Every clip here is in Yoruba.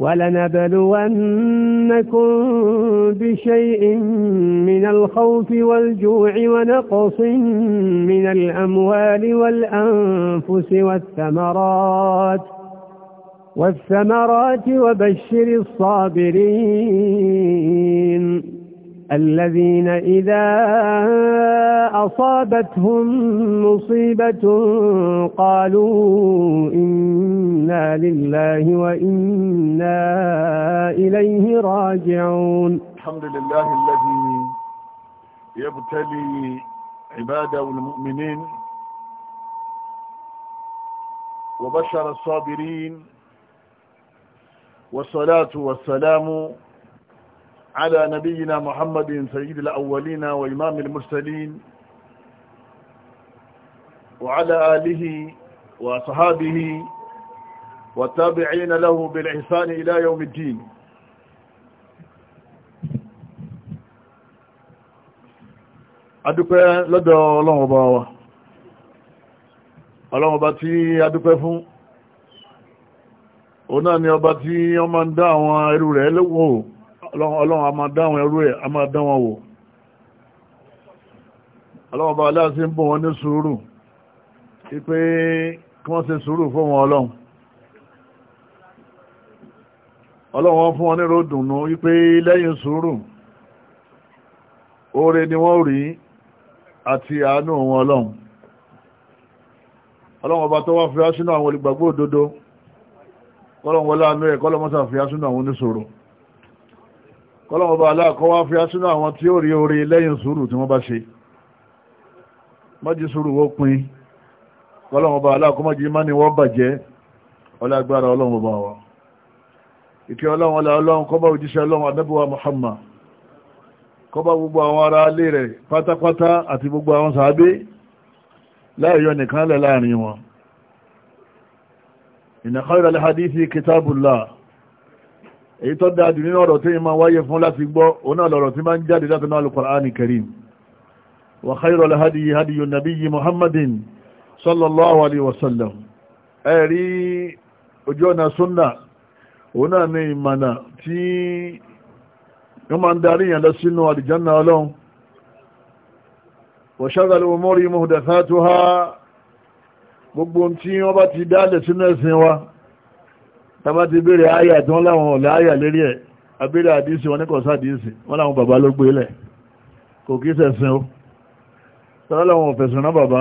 ولنبلونكم بشيء من الخوف والجوع ونقص من الأموال والأنفس والثمرات والثمرات وبشر الصابرين الذين إذا أصابتهم مصيبة قالوا إنا لله وإنا إليه راجعون الحمد لله الذي يبتلي عباده المؤمنين وبشر الصابرين والصلاة والسلام والسلام على نبينا محمد سيد الأولين وإمام المرسلين وعلى آله وصحابه والتابعين له بالإحسان إلى يوم الدين adúpẹ́ lọ́dọ̀ ọlọ́run wa ọlọ́run tí adúpẹ́ fún òun náà ni ọba tí ó ń dá àwọn ẹrú rẹ̀ lówó ọlọ́run a máa dáwọn ẹrú ẹ̀ a máa dáwọn wò ọlọ́run bá aláàsí ń bọ̀ wọn ní sùúrù wípé kí wọ́n ṣe sùúrù fún wọn ọlọ́run ọlọ́run fún wọn ní ròdùnú wípé lẹ́yìn sùúrù oore ni wọ́n rí àti àánú wọn ọlọ́run ọlọ́run ọba tó wá fi á sínú àwọn olùgbàgbọ́ òdodo kọ́lọ̀ wọlé àánú ẹ̀ kọ́lọ̀ mọ́sà fi á sínú àwọn oníṣòro kọ́lọ́wọ́ bá aláàkọ́ wá fi asínú àwọn tí ó rí orí lẹ́yìn sùúrù tí wọ́n bá ṣe mọ́jí sùúrù wó pin kọ́lọ́wọ́ bá aláàkọ́ mọ́jí má ní wọ́n bàjẹ́ ọlágbára ọlọ́run bá wa ìkẹ́ ọlọ́run ọlá ọlọ́run kọ́bá òjíṣẹ́ ọlọ́run anábíwá Muhammad kọ́bá gbogbo àwọn hadithi kitabullah èyí tó dáadì nínú ọ̀rọ̀ tí ma wáyé fún láti gbọ́ oná lọ̀rọ̀ tí ma ń jáde láti náà al-Qur'ani karim wa khayrul hadiyi hadiyu nabiyyi muhammadin sallallahu alaihi wasallam ẹ̀rí ojú ọ̀nà súnnà oná ní ìmànà tí ó ma gbogbo tí wọ́n bá ti dálẹ̀ sínú ẹ̀sìn wa tàbá ti bèèrè ayà tí wọ́n láwọn ọ̀lẹ́ ayà lérí ẹ̀ abẹ́rẹ́ àdísì wọn ní kọ̀sá àdísì wọ́n láwọn bàbá ló gbé lẹ̀ kò kí sẹ̀sìn o tọ́lá láwọn òfẹ̀sùn náà bàbá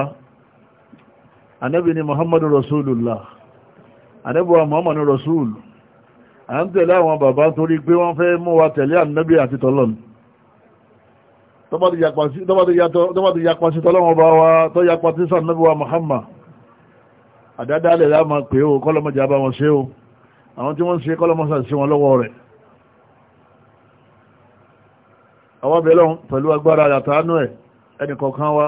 anẹ́bì ni muhammadu rasulullah anẹ́bùwa muhammadu rasul à ń tẹ̀lé àwọn bàbá torí pé wọ́n fẹ́ mú wa tẹ̀lé ànẹ́bì àti tọ́lọ́n tọ́bá ti yapa sí tọ́lọ́wọ́n bá wa tọ́ yapa sí sànẹ́bùwa muhammad àdádálẹ̀ lá àwọn tí wọ́n ń ṣe kọ́lọ́mọ́sà sí wọn lọ́wọ́ rẹ̀ àwọn bẹ̀lọ́n pẹ̀lú agbára àtàánú ẹ̀ ẹni kọ̀ọ̀kan wa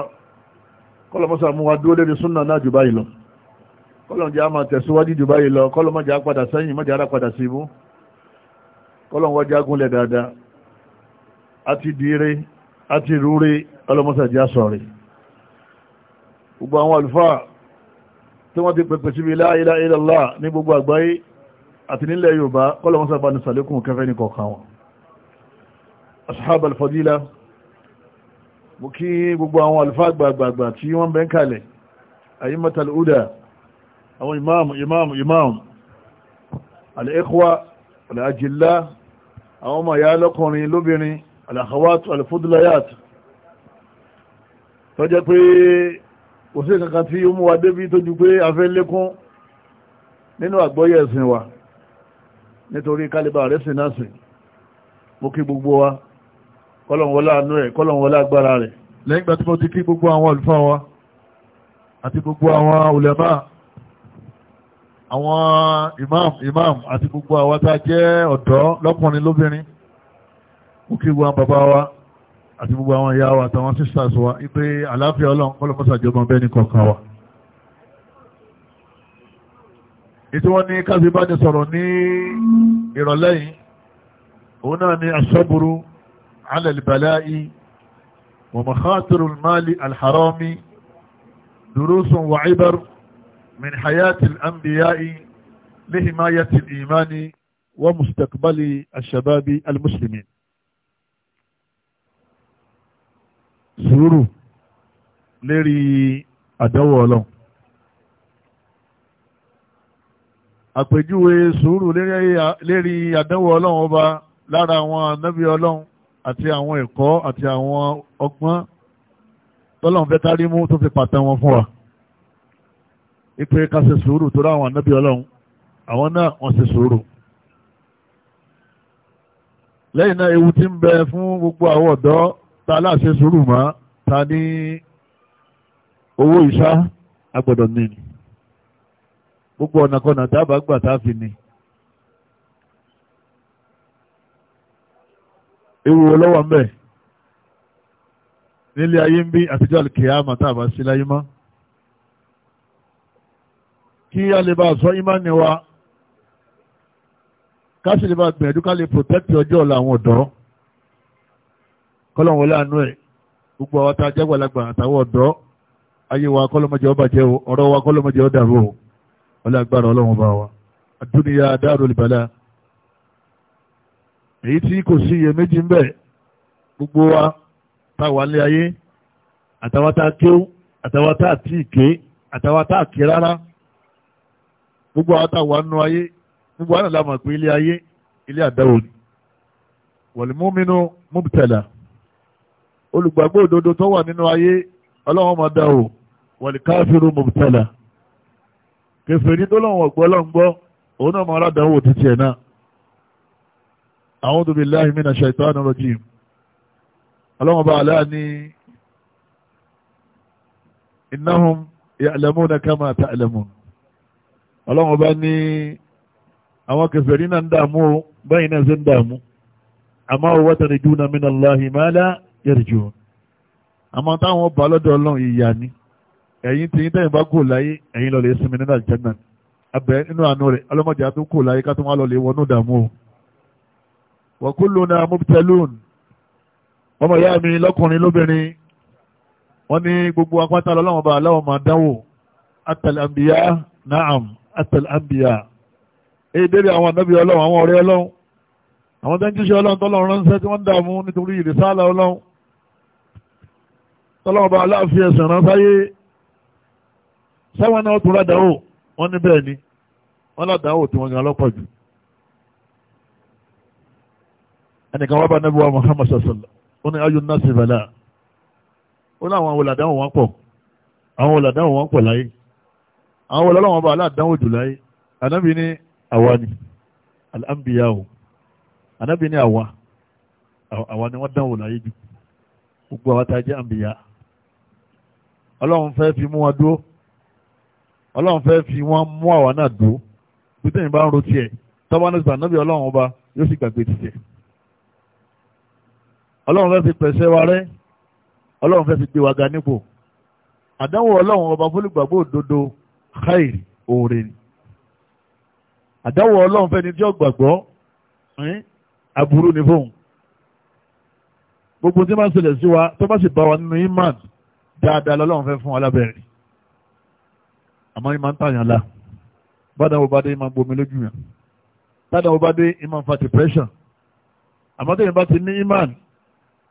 kọ́lọ́mọ́sà mú wa dúró lérí súnà náà jù báyìí lọ kọ́lọ́mọ́jà máa tẹ̀síwájú jù báyìí lọ kọ́lọ́mọ́jà padà sẹ́yìn mọ́jà ara padà sí ibú kọ́lọ́mọ́jà gúnlẹ̀ dáadáa àti dire àti rúre kọ́lọ́mọ́sà já àti nílẹ̀ Yorùbá kọ́lọ̀wọ́n sábà ní sàlékún kẹfẹ́ ní kọ̀ọ̀kan wọn ashab al-fadila mú kí gbogbo àwọn alfa gbàgbàgbà tí wọ́n bẹ́ ń kalẹ̀ ayyimata al'uda àwọn imam imam imam al'ikwa al'ajilla àwọn ọmọ ya lọ́kùnrin lóbìnrin al'akhawat al-fudlayat tó jẹ́ pé kò sí kankan tí ó mú wa débi tó ju pé afẹ́ lékún nínú àgbọ́yẹ̀ ẹ̀sìn wa nítorí kálíbà rẹ̀ sì náà sì mú kí gbogbo wa kọ́lọ̀wọ́lá àánú rẹ̀ kọ́lọ̀wọ́lá agbára rẹ̀ lẹ́yìngbà tí mo ti kí gbogbo àwọn olùfà wa àti gbogbo àwọn ulema àwọn imam imam àti gbogbo àwọn tá jẹ́ ọ̀dọ́ lọ́kùnrin lóbìnrin mú kí gbogbo bàbá wa àti gbogbo àwọn ìyá wa àtàwọn sisters wa ipé àlàáfíà ọlọ́run kọ́lọ̀kọ́sàjọba bẹ́ẹ̀ ní kọ̀ọ̀kan wa ìtí wọ́n ní káfí bá ní sọ̀rọ̀ ní ìrọ̀lẹ́ yìí òun náà ni aṣọ́buru alẹ́lìbàláì wàmàkátùrù máàlì alhàrọ́mí durusun wa ibar min hayati al'ambiya'i lihimayati al'imani wa mustaqbali ashababi almuslimin sùúrù lérí àdánwò ọlọ́run àpèjúwe sùúrù lérí àdánwò ọlọ́run ọba lára àwọn ànábì ọlọ́run àti àwọn ẹ̀kọ́ àti àwọn ọgbọ́n tọ́lọ́run fẹ́ tárí mú tó fi pàtẹ́ wọn fún wa ipe ká ṣe sùúrù tó ráwọn ànábì ọlọ́run àwọn náà wọ́n ṣe sùúrù lẹ́yìn náà ewu ti ń bẹ fún gbogbo àwọn ọ̀dọ́ ta láṣẹ sùúrù mọ́ ta ní owó ìṣá agbọ́dọ̀ nìyí gbogbo ọ̀nàkọ̀nà tábà gbà táfi ni. ewu ọlọ́wọ́ ń bẹ̀ nílé ayé ń bí àtijọ́ àlùkìyàmà tábà sí láyé mọ́. kí a lè bá a sọ ìmánì wa ká sì lè bá a gbìyànjú ká lè protect ọjọ́ ọ̀la àwọn ọ̀dọ́ kọ́lọ́wọ́n láàánú ẹ̀ gbogbo àwọn tá a jágbàlagbà àtàwọn ọ̀dọ́ ayé wa kọ́lọ́mọjẹ́ ọbàjẹ́ ọ̀rọ̀ wa kọ́lọ́mọjẹ́ ọ̀dàrú o wọ́n lágbára ọlọ́run bá wa àdúnyà darul bala èyí tí kò sí iye méjì ń bẹ̀ gbogbo wa tá wà ní ayé àtàwọn tá kéw àtàwọn tá tí ké àtàwọn tá ké rárá gbogbo àwọn tá wà nínú ayé gbogbo àwọn làmọ̀ pé ilé ayé ilé àdáwò ni wọ̀lùmúmínú múbitẹ̀lá olùgbàgbọ́ òdodo tó wà nínú ayé ọlọ́run máa dá o wọ̀lùkáfíru múbitẹ̀lá kèfèrí tó lọ́wọ́ gbọ́ lọ́n gbọ́ òun náà mọ aládàáwò títí ẹ̀ náà a'udhu billahi minash shaitani rajim ọlọ́wọ́n bá aláà ní innahum ya'lamuna kama ta'lamun ọlọ́wọ́n bá ní àwọn kèfèrí náà ń dààmú báyìí náà ṣe ń dààmú àmọ́ watarjuna minallahi ma la yarjun àmọ́ táwọn bá lọ́dọ̀ ọlọ́run ìyá ni ẹ̀yin tí yín tẹ́yìn bá kò láyé ẹ̀yin lọ lè sinmi nínú àjẹ́nà abẹ́ nínú àánú rẹ̀ ọlọ́mọdé àtún kò láyé ká tó wá lọ lè wọnú ìdààmú o. wa kulluna mubtalun ọmọ ìyá mi lọ́kùnrin lóbìnrin wọ́n ní gbogbo apáta lọ́wọ́n bá aláwọ̀ máa dánwò atal anbiya naam atal anbiya èyí débi àwọn ànábì ọlọ́run àwọn ọ̀rẹ́ ọlọ́run àwọn tó ń jíṣẹ́ sẹ́wọ́n náà tún ládàáwò wọ́n ní bẹ́ẹ̀ ni wọ́n ládàáwò tí wọ́n gan lọ́pọ̀ jù ẹnìkan wá bá nẹ́bí wa Muhammad sọ̀sọ̀lá ó ní ayọ̀ náà sì bàlá ó ní àwọn olàdáwò wọn pọ̀ àwọn olàdáwò wọn pọ̀ láyé àwọn olọ́lọ́wọ́n bá aláàdáwò jù láyé anábì ní àwa ni al anábì ní àwa àwa ni wọ́n dáwò láyé jù gbogbo àwa tá a jẹ́ àmbìyà ọlọ́run fẹ́ fi mú wa dúró ọlọ́run fẹ́ fi wọ́n mú àwọn náà dó pété yìí bá ń ro tiẹ̀ tọ́ba ní sàn níbi ọlọ́run ọba yóò sì gbàgbé tiẹ̀ ọlọ́run fẹ́ fi pẹ̀sẹ̀ wa rẹ́ ọlọ́run fẹ́ fi gbé wa ga nípò àdánwò ọlọ́run ọba fólùgbàgbọ́ òdodo káìrì òòrè ni àdánwò ọlọ́run fẹ́ ni tí ó gbàgbọ́ aburú ni fóun gbogbo tí máa ń ṣẹlẹ̀ sí wa tó bá sì bá wa nínú imán dáadáa lọ́lọ́run fẹ́ fún wa lábẹ́rẹ́ àmọ́ ìmọ̀ ń tàyàn la bàdà wo bá dé ìmọ̀ gbomi lójú yàn tàdà wo bá dé ìmọ̀ ń fa depression àmọ́ tẹ̀yìn bá ti ní imán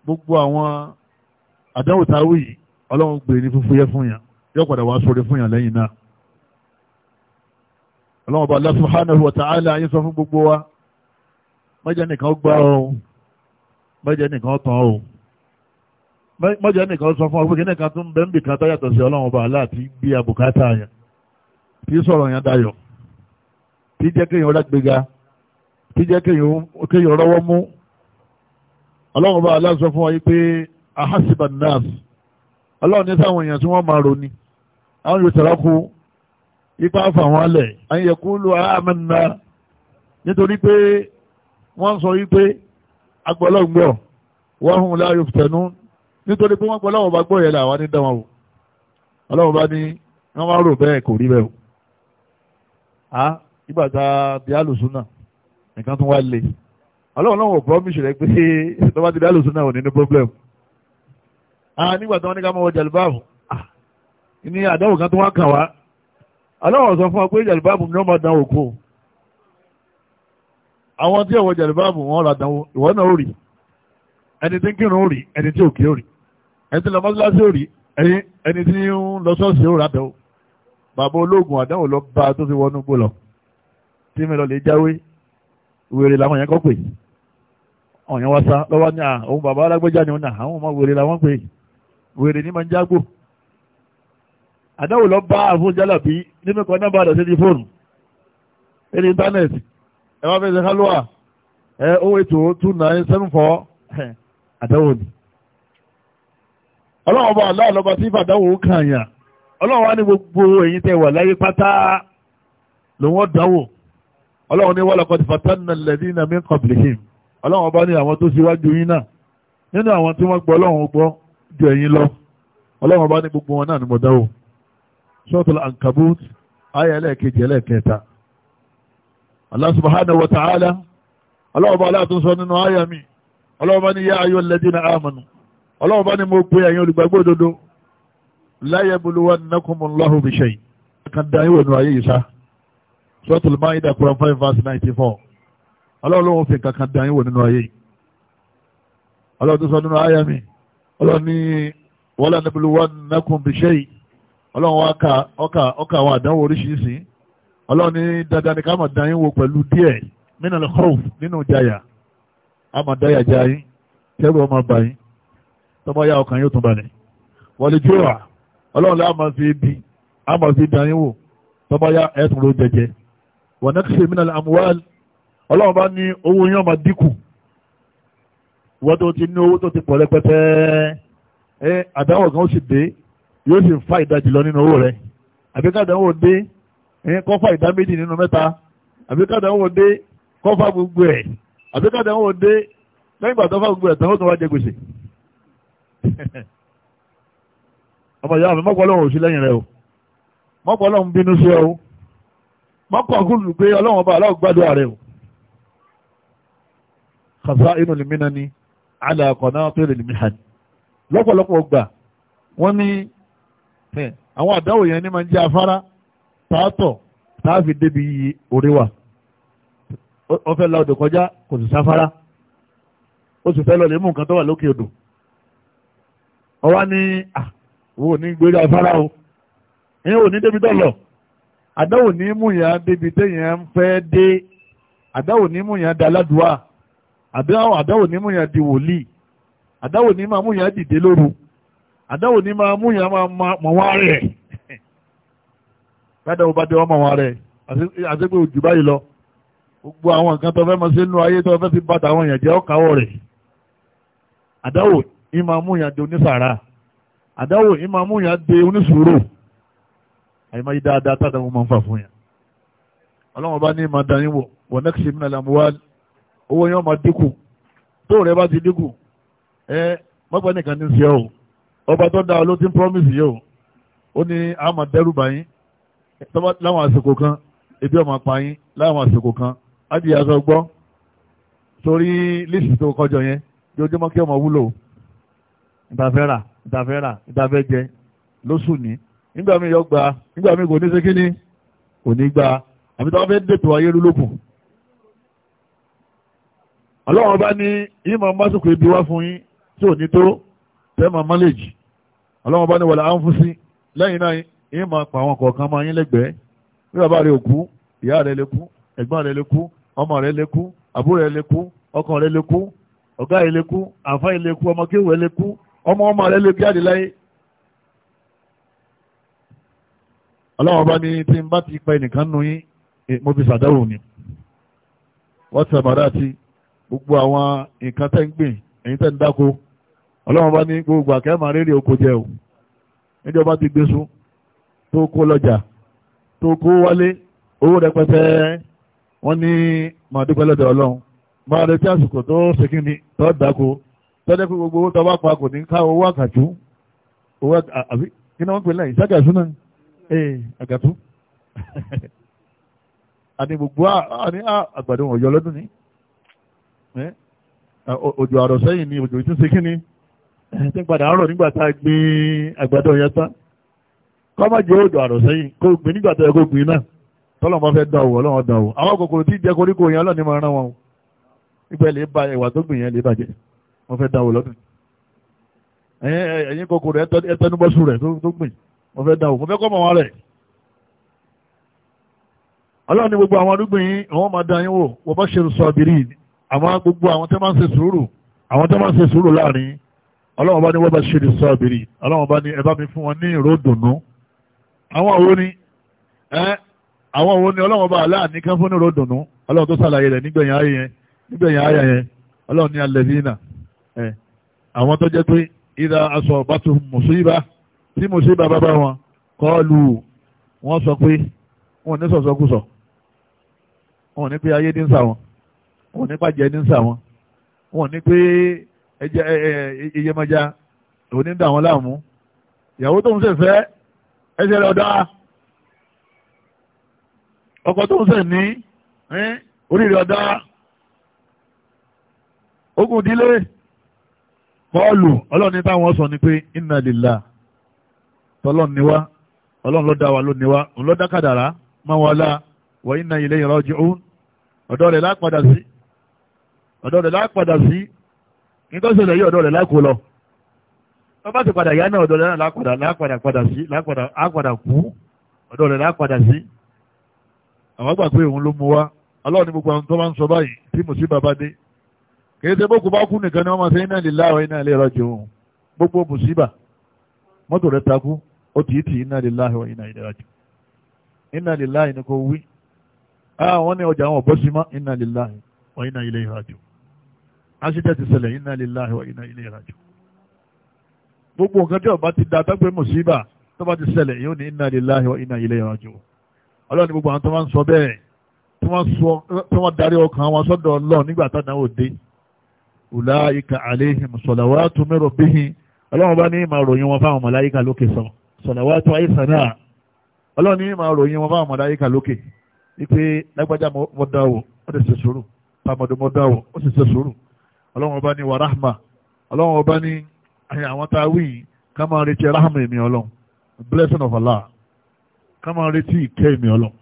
gbogbo àwọn àdánwò táwí yìí ọlọ́run gbé ní fúnfún yẹ fún yàn yóò padà wá sórí fún yàn lẹ́yìn náà ọlọ́run bá Allah subhanahu wa ta'ala ayé sọ fún gbogbo wa mọ́jẹ́ nìkan gbá o mọ́jẹ́ nìkan tán o mọ́jẹ́ nìkan sọ fún ọ pé kí nìkan tún bẹ́ẹ̀ nìkan tó yàtọ̀ sí ọlọ́run bá aláàtí gbé abùkátà yẹn tí sọ̀rọ̀ yẹn dayọ̀ tí jẹ́ kéèyàn lágbèga tí jẹ́ kéèyàn rọ́wọ́ mú ọlọ́run bá aláṣọ fún wa yìí pé ahasiba nas ọlọ́run ní sáwọn èèyàn tí wọ́n máa ronú àwọn yóò tẹ̀lé kú ipa fà wọ́n lẹ̀ àyẹ̀kú lu amanna nítorí pé wọ́n sọ yìí pé agbọ́lọ́gbọ́ wọ́n hùn láàyò tẹ̀nú nítorí pé wọ́n gbọ́ láwọn bá gbọ́ yẹn làwọn ní dáwọn wò ọlọ́run bá ní wọ́n wá rò bẹ́ẹ̀ kò rí bẹ́ẹ̀ o ah ìgbàta di alùsùnà nǹkan tó wá le ọlọ́run náà wò promise rẹ pé tó bá ti di alùsùnà ò ní ní problem ah nígbà tí wọ́n ní ká mọ̀ wọ jàlùbáàbù ah ní àdáwò kan tó wá kàn wá ọlọ́run sọ fún ọ pé jàlùbáàbù ni wọ́n máa dán òkú àwọn tí ọ̀wọ́ jàlùbáàbù wọn ra dánwò ìwọ náà ó rí ẹni tí ń kírun ó rí ẹni tí ò kí ó rí ẹni tí lọ mọ́sálásí ó rí ẹni tí ń lọ sọ́ọ̀sì ó rà dánwò bàbá ológun àdánwò lọ bá tó fi wọnú gbó lọ tí mi lọ lè jáwé wèrè làwọn yẹn kọ́ pè ọ̀yàn wa sá lọ́wọ́ ní àwọn bàbá alágbèjà ni wọn nà àwọn ọmọ wèrè làwọn pè wèrè ní máa ń jágbó àdánwò lọ bá àfún jálàbí nínú kan náà bá àdàsí ní fóònù ní íńtánẹ́ẹ̀tì ẹ wá fẹsẹ̀ kálúwà ẹ owó oh ètò oh two nine seven four àdánwò ni ọlọ́wọ́ bá aláàlọ́ba tí fàdánwò kàn yàn ọlọ́run wá ní gbogbo ẹ̀yin tẹ́ wà láyé pátá lòun ọ̀dánwò ọlọ́run ní wọ́lọ́kọ́ ti fatanna alladhina min qablihim ọlọ́run ọba ní àwọn tó ṣíwájú yín náà nínú àwọn tí wọ́n gbọ́ ọlọ́run gbọ́ ju ẹ̀yin lọ ọlọ́run ọba ní gbogbo wọn náà ni mo dánwò suratul ankabut ayé ẹlẹ́ẹ̀kejì ẹlẹ́ẹ̀kẹta Allah subhanahu wa ta'ala ọlọ́run láyé bolúwa nàkùnmùn lọ́hùn bí ṣẹ́yìn. kan dá yíwò nù ayé yìí sá sọ́tùlù máa five verse ninety four ọlọ́run ló ń fi kankan dá yíwò nínú ayé yìí ọlọ́run tó sọ nínú ayé mi ọlọ́run ní wọ́lá níbi wọ́n nàkùn bí ọlọ́run ka ọkà ọkà àwọn àdánwò oríṣiríṣi ọlọ́run ní dandan ni ká máa dá pẹ̀lú díẹ̀ nínú nínú jaya a máa dá bá yín yá ọkàn yóò tún ọlọ́run lè àmọ̀ sí ibi àmọ̀ sí ibi àyínwó tọ́ba yá ẹ̀sùn ló jẹjẹ wọ̀n náà ṣe mìíràn àmúwá ọlọ́run bá ní owó yẹn máa dínkù wọ́n tó ti ní owó tó ti pọ̀ rẹpẹtẹ ẹ àdáwọ̀ kan ó sì dé yóò sì fa ìdajì lọ nínú owó rẹ àbí kádàáwò dé ẹ kọ́ fa ìdá méjì nínú mẹ́ta àbí kádàáwò dé kọ́ fa gbogbo ẹ̀ àbí kádàáwò dé lẹ́yìn ìgbà tó fa gbogbo ẹ̀ tán ó tún wá jẹ gbèsè. ọmọ ìyá mi mọ́pọ̀ ọlọ́run ò sí lẹ́yìn rẹ o mọ́pọ̀ ọlọ́run bínú sí ọ o mọ́pọ̀ ọkùnrin pé ọlọ́run ọba aláwọ̀ gbádùn rẹ o. kàṣà inú lèmi náà ni aláàkọ̀ọ́nà tó lè lèmi hàn lọ́pọ̀lọpọ̀ gbà wọ́n ní àwọn àdáwò yẹn ní máa ń jẹ́ afárá tààtọ̀ tààfi débi orí wa ó fẹ́ la odò kọjá kò sì sáfárá ó sì fẹ́ lọ lè mú nǹkan tó wà lókè odò ọ wá ní wo ni gbérí afárá o ẹ̀yin ò ní débi dọ́lọ̀ àdáwò ní mú yàn débi téèyàn ń fẹ́ dé àdáwò ní mú yàn daládùá àdáwò ní mú ya di wòlíì àdáwò ní máa mú yàn dìde lóru àdáwò ní máa mú yàn máa mọ̀ wá rẹ̀ kádàwó bá dé wọ́n mọ̀ wá rẹ̀ àti pé òjò báyìí lọ gbogbo àwọn nǹkan tó fẹ́ mọ sínú ayé tó fẹ́ fi bàtà àwọn èèyàn jẹ́ ọ̀káwọ̀ rẹ̀ àdáwò ní máa mú yàn di onísàárà àdáwò yìí máa mú yàn de onísùúrù àyèmáyé dáadáa tádàwó máa ń fà fún yàn ọlọ́run bá ní máa dání wò wọ́n nẹ́kì sí mílẹ̀ àmúwá owó yẹn máa dínkù tó rẹ̀ bá ti dínkù ẹ mọ́gbà nìkan ní sí o ọba tó dáa ló ti ń promise yẹ o ó ní àmà dẹ́rù bá yín láwọn àsìkò kan ebi ọmọ pa yín láwọn àsìkò kan á di àṣọ gbọ́ torí lísì tó kọjọ yẹn lójúmọ́ kí ọmọ wúlò ìbáfẹ́ rà ìtafẹ́ra ìtafẹ́jẹ lóṣù ní nígbà míì yọ gba nígbà míì kò ní ṣe ni kò ní gba àbí táwọn fẹ́ dètò ayé lólókùn. ọlọ́run bá ní ìmọ̀ másùkù ibi wá fún yín tí ò ní tó tẹ́mọ̀ mọ́lẹ́jì ọlọ́run bá ní wọlé à ń fún sí lẹ́yìn náà ìmọ̀ pa àwọn kọ̀ọ̀kan máa yín lẹ́gbẹ̀ẹ́ bí bàbá rẹ̀ òkú ìyá rẹ̀ lè kú ẹ̀gbọ́n rẹ̀ lè kú ọmọ rẹ̀ lè kú àbúrò rẹ̀ lè kú ọkọ rẹ̀ lè kú ọ̀gá rẹ̀ lè kú àfáà rẹ̀ lè kú ọmọ rẹ̀ lè kú ọmọ ọmọ rẹ lè jáde láyé ọlọ́wọ́n bá ní tí n bá ti pa ẹnìkan nù yín eh, mo fi ṣàdáwò ni wọ́n ti sàbàdà àti gbogbo àwọn nǹkan tẹ́ ń gbìn ẹ̀yin tẹ́ ń dáko ọlọ́wọ́n bá ní gbogbo àkẹ́mà rírì oko jẹ o níjọba ti gbé sún tó kó lọ́jà tó kó wálé owó rẹpẹtẹ wọ́n ní màdúpẹ́ ọlọ́run máa retí àsìkò tó ṣe ni tó dáko tọ́jẹ́ pé gbogbo owó tó bá pa kò ní ká owó àkàtú owó àbí kí ni wọ́n pè lẹ́yìn ságàtú náà ee àgàtú àní gbogbo àní àgbàdo òjò lọ́dún ní òjò àrọ̀ sẹ́yìn ni òjò ìtúnṣe kí ni tí ń padà àárọ̀ nígbà tá a gbin àgbàdo yẹn tán kọ́ má jẹ́ òjò àrọ̀ sẹ́yìn kó gbin nígbà tó yẹ kó gbin náà tọ́lọ́mọ fẹ́ dán wò ọlọ́run dán wò àwọn kòkòrò tí jẹ koríko yẹn ọlọ́ni máa rán o ibẹ̀ lè ba wọ́n fẹ́ dáwò lọ́dún ẹ̀yìn kòkòrò ẹtẹnubọ́sù rẹ̀ tó gbìn wọ́n fẹ́ dáwò mo fẹ́ kọ́ mọ̀ wọn rẹ̀ ọlọ́run ní gbogbo àwọn arúgbìn yín àwọn máa da yín wò wọ́n bá ṣe sọ̀bìrì àwọn gbogbo àwọn tẹ́ máa ń ṣe sùúrù àwọn tẹ́ máa ń ṣe sùúrù láàrin ọlọ́run bá ní wọ́n bá ṣe sọ̀bìrì ọlọ́run bá ní ẹ bá mi fún wọn ní ìró dùnú àwọn òun ni àwọn òun ni ọlọ́run bá aláàní kan fún ní ìró dùnú ọlọ́run tó ṣàlàyé rẹ̀ nígbẹ̀yìn ayé nígbẹ̀yìn ayé ọlọ́run ní alẹ́ àwọn tó jẹ́ pé ìdá aṣọ ọ̀bátú mùsíbà tí mùsíbà bá bá wọn kọ́ọ̀lù wọn sọ pé wọn ò ní sọ̀sọ́kùsọ wọn ò ní pé ayé ní ń sà wọn wọn ò ní pàjẹ́ ní ń sà wọn wọn ò ní pé ìyẹmọja òní ń dà wọn láàmú ìyàwó tó ń ṣẹ̀fẹ́ ẹsẹ̀ rẹ̀ ọ̀dọ́ ọkọ̀ tó ń ṣẹ̀ ní orí rẹ̀ ọ̀dọ́ ogun ìdílé kọ́ọ̀lù ọlọ́run ní táwọn sọ ni pé inna lillah tọ́lọ́run ni wá ọlọ́run ló dá wa ló ni wá òun ló dá kàdàrá máa wà láà wa inna ilayhi raji'un ọ̀dọ́ rẹ̀ lápadà sí ọ̀dọ́ rẹ̀ lápadà sí nítọ́sílẹ̀ yí ọ̀dọ́ rẹ̀ lákò lọ wọ́n bá ti padà yá náà ọ̀dọ́ rẹ̀ lápadà lápadà padà sí lápadà ápadà kú ọ̀dọ́ rẹ̀ lápadà sí àwọn gbà pé òun ló mú wa ọlọ́run ní gbogbo àwọn tó máa ń sọ báyìí tí mùsíbà bá dé kìí ṣe bókù bá kú nìkan ni wọ́n máa ṣe iná lillahi wa iná ilaihi raji'un gbogbo mùsíbà mọ́tò rẹ̀ takú ó tì í tì iná lillahi iná iná ọjà àwọn ọ̀bọ́ sí mọ́ iná lillahi wa iná ilaihi raji'un ti ṣẹlẹ̀ iná lillahi wa iná gbogbo nǹkan ọba ti da mùsíbà ulaika alayhim salawatu min rabbihim ọlọ́run bá ní ìmọ̀ ròyìn wọn fáwọn màláíkà lókè sọ salawatu àìsànà ọlọ́run ní ìmọ̀ ròyìn wọn fáwọn màláíkà lókè wípé lágbájá mọ́dáwò ó ti ṣe sùúrù pàmọ́dé mọ́dáwò ó ti ṣe sùúrù ọlọ́run ọba ní wàràhàmà ọlọ́run ọba ní àwọn tá a wí yìí ká máa retí rahama èmi ọlọ́run blessing of Allah ká máa retí ìkẹ́ èmi ọlọ́run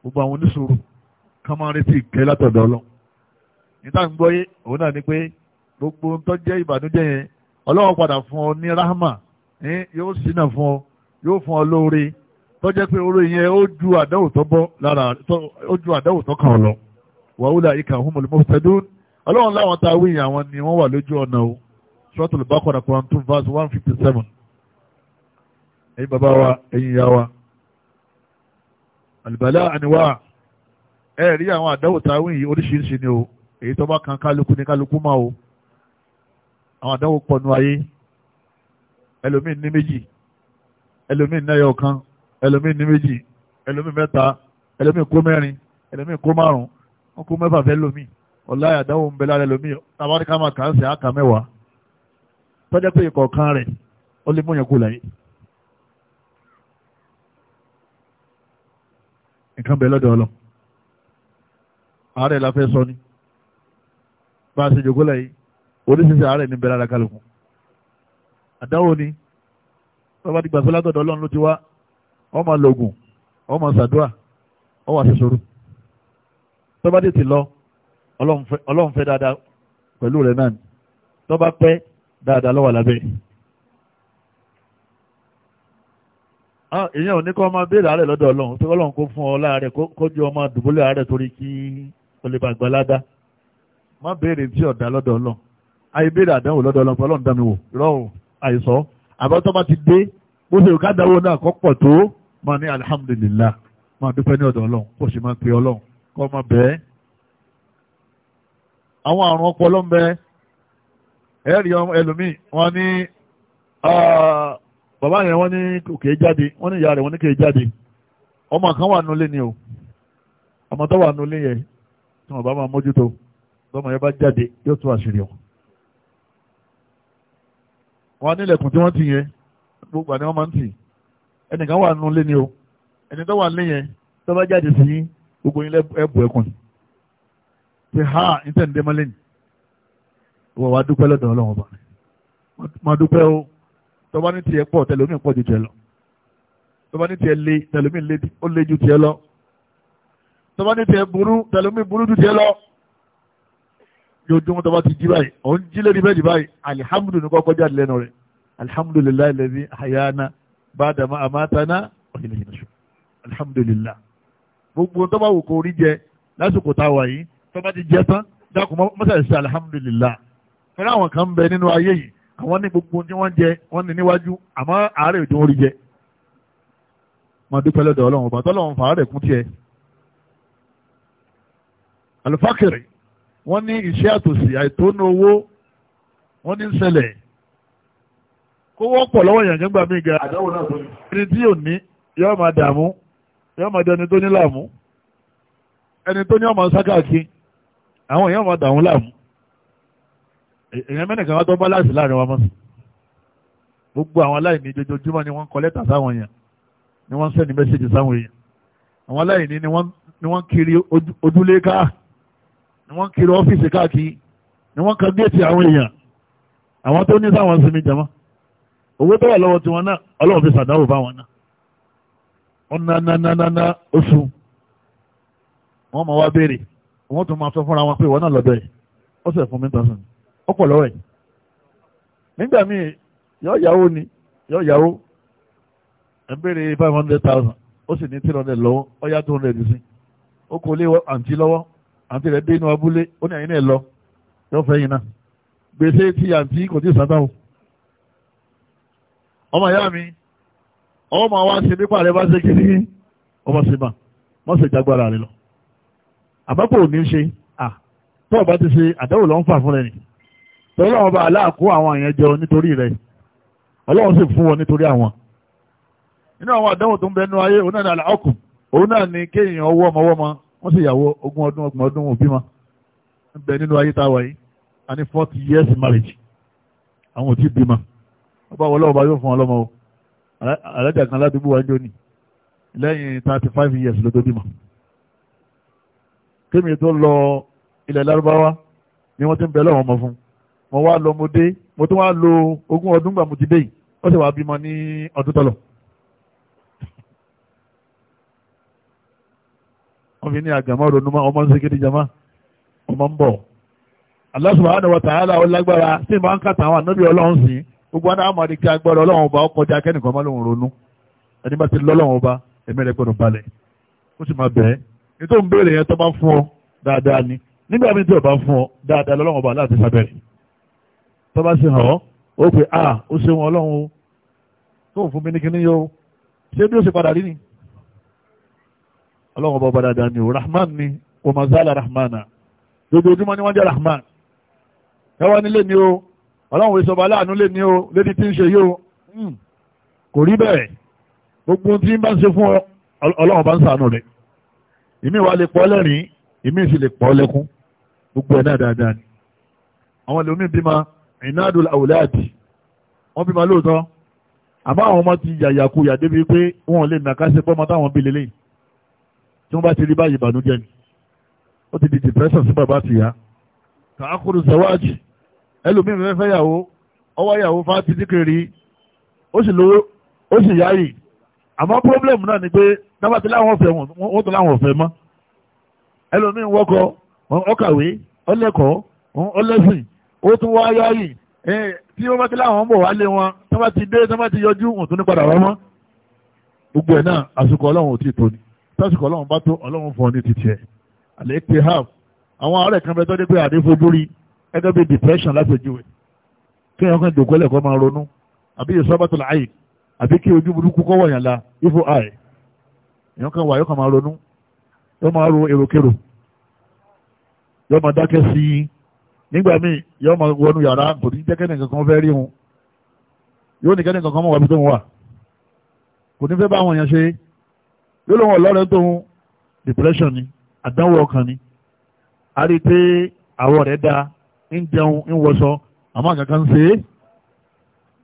gbogbo àwọn oníṣòro ká máa níta ń gbọ́ yé òun náà ni pé gbogbo ń tọ́ jẹ́ ìbànújẹ́ yẹn ọlọ́run padà fún ọ ní rahma yóò ṣínà fún ọ yóò fún ọ lóore tó jẹ́ pé oore yẹn ó ju àdáwò tó bọ́ lára ó ju àdáwò tó kàn ọ lọ wa ulaika humul muhtadun ọlọ́run láwọn tá a wí àwọn ni wọ́n wà lójú ọ̀nà o Suratul Baqara Quran two verse one fifty seven ẹ̀yin bàbá wa ẹ̀yin ìyá wa àlùbálà àníwá ẹ̀ẹ́rí àwọn àdáwò tá a wí yìí oríṣiríṣi ni o èyí tó bá kan kálukú ní kálukú máa o àwọn àdánwò pọ̀nù ayé ẹlòmíín ní méjì ẹlòmíín náyọ̀ kan ẹlòmíín ní méjì ẹlòmíín mẹ́ta ẹlòmíín kó mẹ́rin ẹlòmíín kó márùn wọn kó mẹ́fà fẹ́ lòmíín ọ̀la àdánwò ń bẹ lára ẹlòmíín tabaríkà máa kàn sí àkà mẹ́wàá tọ́jà pé ìkọ̀ọ̀kan rẹ̀ ó lè múyàn kó láyé. nǹkan bẹ lọ́dọ̀ ọlọ́ ààrẹ la fẹ́ sọ ni bá a ṣe jòkó láyé oríṣiríṣi àárẹ̀ ní bẹ̀rẹ̀ ara kálukú àdáwò ni bàbá ti gbàgbé látọ̀dọ̀ ọlọ́run ló ti wá ọmọ lògùn ọmọ sàdúà ọwọ́ àṣeṣorú tọ́ba tètè lọ ọlọ́run fẹ́ dáadáa pẹ̀lú rẹ̀ náà ni tọ́ba pẹ́ dáadáa lọ́wọ́ lábẹ́ èèyàn ò ní kọ́ máa béèrè àárẹ̀ lọ́dọ̀ ọlọ́run tó ọlọ́run kó fún ọ láàárẹ̀ kó jẹ́ ọmọ àdùbólẹ̀ àárẹ̀ torí kí o lè bàgbà ládàá má béèrè tí ọ̀dà lọ́dọ̀ ọlọ́run àyè béèrè àdánwò lọ́dọ̀ ọlọ́run pé ọlọ́run dá mi wò rọ́ọ̀ àìsọ́ àbátọ́ bá ti dé bó ṣe ká dáwọ́ náà kọ́ pọ̀ tó máa ní alihamudulilá máa dúpẹ́ ní ọ̀dọ̀ ọlọ́run kó sì máa pe ọlọ́run kó máa bẹ́ẹ̀. àwọn àrùn ọpọlọ ń bẹ ẹ̀rí ẹlòmíì wọ́n ní bàbá yẹn wọ́n ní kò jáde wọ́n ní ìyá rẹ̀ wọ́n ní kò jáde ọmọ kan wà nulẹ̀ ni o ọmọ tó wà nulẹ̀ yẹn tí wọ́n bá máa mójútó tọ́mọ yẹn bá jáde yóò tún àṣírí wọn. wọn nílẹ̀kùn tí wọ́n ti yẹn gbogbo àni wọ́n máa ń tì ẹnìkan wà nínú ilé ni o ẹni tó wà nílé yẹn tó bá jáde sí yín gbogbo yín ẹ̀bù ẹ̀kùn ti ha ìtẹ̀ǹdé mọ́lẹ́ ni wọ́n wá dúpẹ́ lọ́dọ̀ ọlọ́run ọba máa dúpẹ́ o tọ́ba ní tiẹ̀ pọ̀ tẹlomi pọ̀ ju tiẹ̀ lọ tọ́ba ní tiẹ̀ le tẹlomi ó le ju tiẹ̀ lọ tọ́ba ní tiẹ̀ burú tẹlomi burú ju tiẹ̀ lọ lójúmọ́ tó bá ti jí báyìí òun jí lórí bẹ́ẹ̀ báyìí alihamudu ní kọ́kọ́ jáde lẹ́nu rẹ̀ alihamudulilayi lẹ́ni hayana bàdàmà àmàtànà òyìnbó yìí lọ́sọ̀ alihamudulilayi gbogbo tó bá wù kó rí jẹ lásìkò tá a wà yìí tó bá ti jẹ tán dákun mọ́sàlẹ̀ sí alihamudulilayi fẹ́rẹ́ àwọn kan bẹ nínú ayé yìí àwọn ní gbogbo tí wọ́n jẹ wọ́n ní níwájú àmọ́ àárẹ̀ ò dún jẹ mo dúpẹ́ lọ́dọ̀ ọlọ́run ọba tọ́lọ́run fàárẹ̀ kún tiẹ̀ alufakiri wọ́n ní iṣẹ́ àtòsí àìtónú owó wọ́n ní ń ṣẹlẹ̀ kó wọ́pọ̀ lọ́wọ́ yẹn nígbà mí ga ẹni tí ò ní yóò máa dààmú yóò máa di ẹni tó ní láàmú ẹni tó ní ọmọ sákàkí àwọn èèyàn máa dààmú láàmú èèyàn mẹ́nìkan wá tó bá láàsì láàrin wa mọ́ sí gbogbo àwọn aláìní jojoojúmọ́ ni wọ́n kọ lẹ́tà sáwọn èèyàn ni wọ́n sẹ́ni mẹ́sẹ̀jì sáwọn èèyàn àwọn aláìní ni wọ́n kiri ojúlé káà ni wọ́n kiri ọ́fíìsì káàkiri ni wọ́n kan géètì àwọn èèyàn àwọn tó ní sáwọn sinmi jama owó tó wà lọ́wọ́ tiwọn náà ọlọ́run fi sàdáwò fáwọn náà wọ́n ná ná ná na na oṣù wọ́n máa wá béèrè wọ́n tún máa sọ fúnra wọn pé ìwọ náà lọ́dọ̀ ẹ̀ ó sì fún mi tán sùn ó pọ̀ lọ́wọ́ ẹ̀ nígbà míì yọ yàwó ni yọ yàwó ẹ̀ ń béèrè five hundred thousand ó sì ní three hundred lọ́wọ́ ó yá two hundred sí ó kò lé àǹtí lọ́wọ́ àǹtí rẹ̀ dé inú abúlé ó ní àyín náà lọ yóò fẹ́ yín náà gbèsè tí àǹtí kò tí ì sátá o ọmọ ìyá mi ọmọ wa ṣe nípa rẹ bá ṣe kiri ọmọ ṣe mà wọ́n ṣe jagbara rẹ lọ àbápò ò ní ṣe à tó ọba ti ṣe àdáwò lọ ń fà fún rẹ nìyí tọ́lọ́wọ́n bá aláàkó àwọn èèyàn jọ nítorí rẹ̀ ọlọ́run sì fún wọn nítorí àwọn nínú àwọn àdánwò tó ń bẹnu ayé òun náà ni aláàkù òun náà ni kéèyàn ọwọ́ ọmọwọ́mọ wọ́n sì yàwó ogún ọdún ọgbọ̀n ọdún òbí ma ń bẹ nínú ayé tá a wà yìí a ní forty years marriage àwọn ò tí bí ma wọ́n bá wọlé ọba yóò fún ọlọ́mọ o alájà kan ládùúgbò wa ń jóni lẹ́yìn thirty five years ló tó bí ma kémi tó lọ ilẹ̀ lárúbáwá ni wọ́n ti ń bẹ lọ́wọ́ ọmọ fún mo wá lọ mo dé mo tún wá lo ogún ọdún gbà mo ti dé yìí ó sì wá bímọ ní ọdún tọ́lọ̀. wọ́n fi ní àgàmọ́ ronú mọ́ ọmọ ṣe kéde jama ọmọ ń bọ̀ Allah subhanahu wa ta'ala ó lágbára tí ìmọ̀ ń kàtà àwọn ànábì ọlọ́run sí gbogbo àwọn àmọ́ ni kí agbára ọlọ́run ọba ọkọjà kẹ́nìkan má lòun ronú ẹni bá ti lọ́lọ́run ọba ẹ̀mí rẹ̀ gbọ́dọ̀ balẹ̀ ó sì máa bẹ̀ẹ́ ní tó ń béèrè yẹn tó bá fún ọ dáadáa ni nígbà míì tí ọ o tó ń fún mi ní ọlọ́run ọba dáadáa ni o rahman ni o mazala rahmana lójoojúmọ́ ni wọ́n jẹ́ rahman ẹwà nílé ni o ọlọ́run ìsọba aláàánú lé ni o lédi tí ń ṣe yóò hmm. kò rí bẹ́ẹ̀ gbogbo tí ń bá ń ṣe fún ọlọ́run bá ń sànù rẹ̀ ìmí wa lè pọ̀ lẹ́rìn ìmí sì lè pọ̀ lẹ́kún gbogbo ẹ̀ náà dáadáa ni àwọn ẹlòmíín bímọ ìnádùn àwòláàdì wọ́n bímọ lóòótọ́ àmọ́ ọmọ ti yàyàkuyà débi pé wọ́n lè nàka pọ́ ọmọ táwọn bí lélẹ́yìn tí wọ́n bá ti rí báyìí ìbànújẹ́ ni ó ti di depression sí bàbá àti ìyá kà á kúrò zawaji ẹlòmíì fẹ́ fẹ́ yàwó ọwọ́ yàwó fa ti díkiri ó sì lówó ó sì yáyì àmọ́ problem náà ni pé dábàá ti láwọn ọ̀fẹ́ wọn ó tó láwọn ọ̀fẹ́ mọ́ ẹlòmíì wọ́kọ ọkàwé ọlẹ́kọ̀ọ́ ọlẹ́sìn ó tún wá yáyì tí wọ́n bá ti láwọn ń bọ̀ wá lé wọn tí wọ́n bá ti dé tí wọ́n bá ti yọjú wọn tó ní padà wá mọ́ gbogbo ẹ̀ náà àsìkò ọlọ́run ò tí ì tó tásìkò ọlọ́run bá tó ọlọ́run fún ọ ní títí ẹ̀ àlẹ́ pé half àwọn àárẹ̀ kan bẹ tọ́jú pé àdéfojú ẹgbẹ́ bíi depression lápèjúwe kí ẹ̀yàn kan jòkó ẹlẹ́kọ́ máa ronú àbí ìsọ́bàtò láàyè àbí kí ojú burúkú kọ́ wọ̀nyàn la ifo ai. èèyàn kan wà yóò kàn máa ronú yóò máa ro èròkèrò yóò máa dákẹ́ sí i nígbà míì yóò máa wọnú yàrá kò ní jẹ́ kẹ́nìkan kan fẹ́ rí wọn yóò ní kẹ́nìkan kan mọ̀ wá bí tó ń wà kò ní fẹ́ bá àwọn èèyàn ṣe yóò lọ́wọ́ ọlọ́rẹ́ tó ń depression ni àdánwò ọkàn ni a rí i pé àwọ̀ rẹ̀ da ń jẹun ń wọṣọ àmọ́ àkàkà ń ṣe é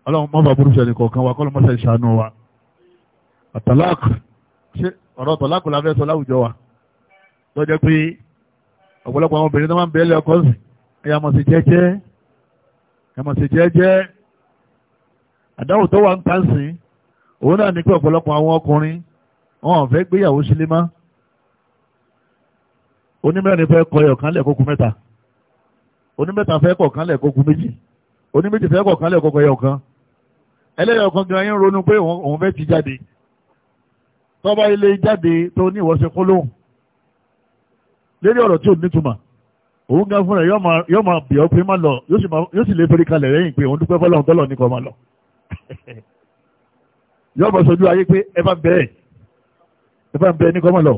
ọlọ́run mọ́fà burúkú ṣẹlẹ̀ kọ̀ọ̀kan wa kọ́lọ́ mọ́ṣẹ́ ìṣàánú wa àtàláàkù ṣé ọ̀rọ̀ tọ̀láàkù la fẹ́ sọ láwùjọ wa tó jẹ́ pé ọ̀pọ̀lọpọ̀ àwọn obìnrin tó máa ń bẹ́ẹ̀lẹ̀ ọkọ sí ẹ̀yà mọ̀ jẹ́jẹ́ ẹ̀yà mọ̀ jẹ́jẹ́ àdáwò tó wà ń tà òun náà ní pé ọ̀pọ̀lọpọ̀ àwọn ọkùnrin wọn fẹ́ gbéyàwó sílé má onímẹ́rin fẹ́ kọ ẹ̀ọ̀kan lẹ́ẹ̀kọ́kù mẹ́ta onímẹ́ta fẹ́ kọ̀ọ̀kan lẹ́ẹ̀kọ́kù méjì oníméjì fẹ́ kọ̀ọ̀kan lẹ́ẹ̀kọ́kù ẹ̀ọ̀kan ẹlẹ́yọ̀kan gan yín ronú pé òun fẹ́ ti jáde tọ́ba ilé jáde tó ní ìwọ́sẹ̀ kólóhùn lérí ọ̀rọ̀ tí ò nítumọ̀ òun gan fúnra yóò máa bì ọ́ pé má lọ yóò sì lè fẹ́rí kalẹ̀ lẹ́yìn pé òun dúpẹ́ fọlọ́run tọ́lọ̀ ní kọ́ máa lọ yóò bọ̀ sójú ayé pé ẹ bá bẹ́ẹ̀ ìfà ń bẹ ní kọ́mọ̀ lọ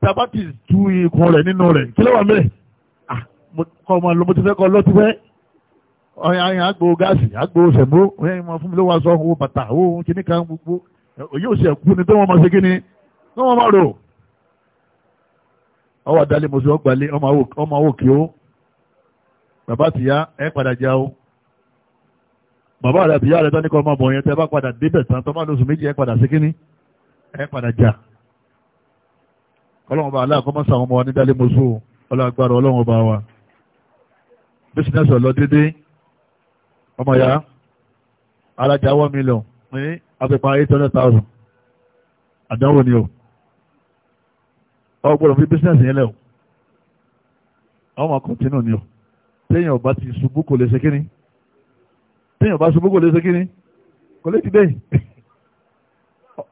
tàbá ti tú ikùn rẹ̀ kila rẹ̀ kí ló wà mẹ́rẹ̀ kọ́mọ ló mo ti fẹ́ kọ́ lọ́tí fẹ́ ọ̀yà àyàn àgbo gáàsì àgbo sẹ̀mó ọ̀yà ìmọ̀ fún mi ló wá sọ owó bàtà owó kìíní kan gbogbo òye òsì ẹ̀kú ni tó wọ́n máa ṣe kí ni tó wọ́n máa rò ọwọ́ àdálé mo sì ọgbà lé ọmọ àwò kí ó bàbá tìyá ẹ padà já o bàbá rẹ̀ tìyá rẹ̀ tó ní kọ́ ọmọ bọ̀ yẹn tẹ́ bá padà débẹ̀ tán tó má lóṣù méjì ẹ padà ṣe kí ni ẹ padà jà ọlọ́run ọba aláàkọ́mọ́sà àwọn ọmọ wa ní dálé mọ́sù ọlọ́gbàrá ọlọ́run ọba wa bísínẹ́sì ọ̀lọ́ dédé ọmọ ya alájà one million ní afẹ́pá eight hundred thousand àdánwò ni o ọgbọ́dọ̀ fi bísínẹ́sì yẹn lẹ̀ o ọmọ kọ̀tínù ni o téèyàn ọba ti ṣubú kò lè ṣe kíni téèyàn ọba ṣubú kò lè ṣe kíni kò lè ti dé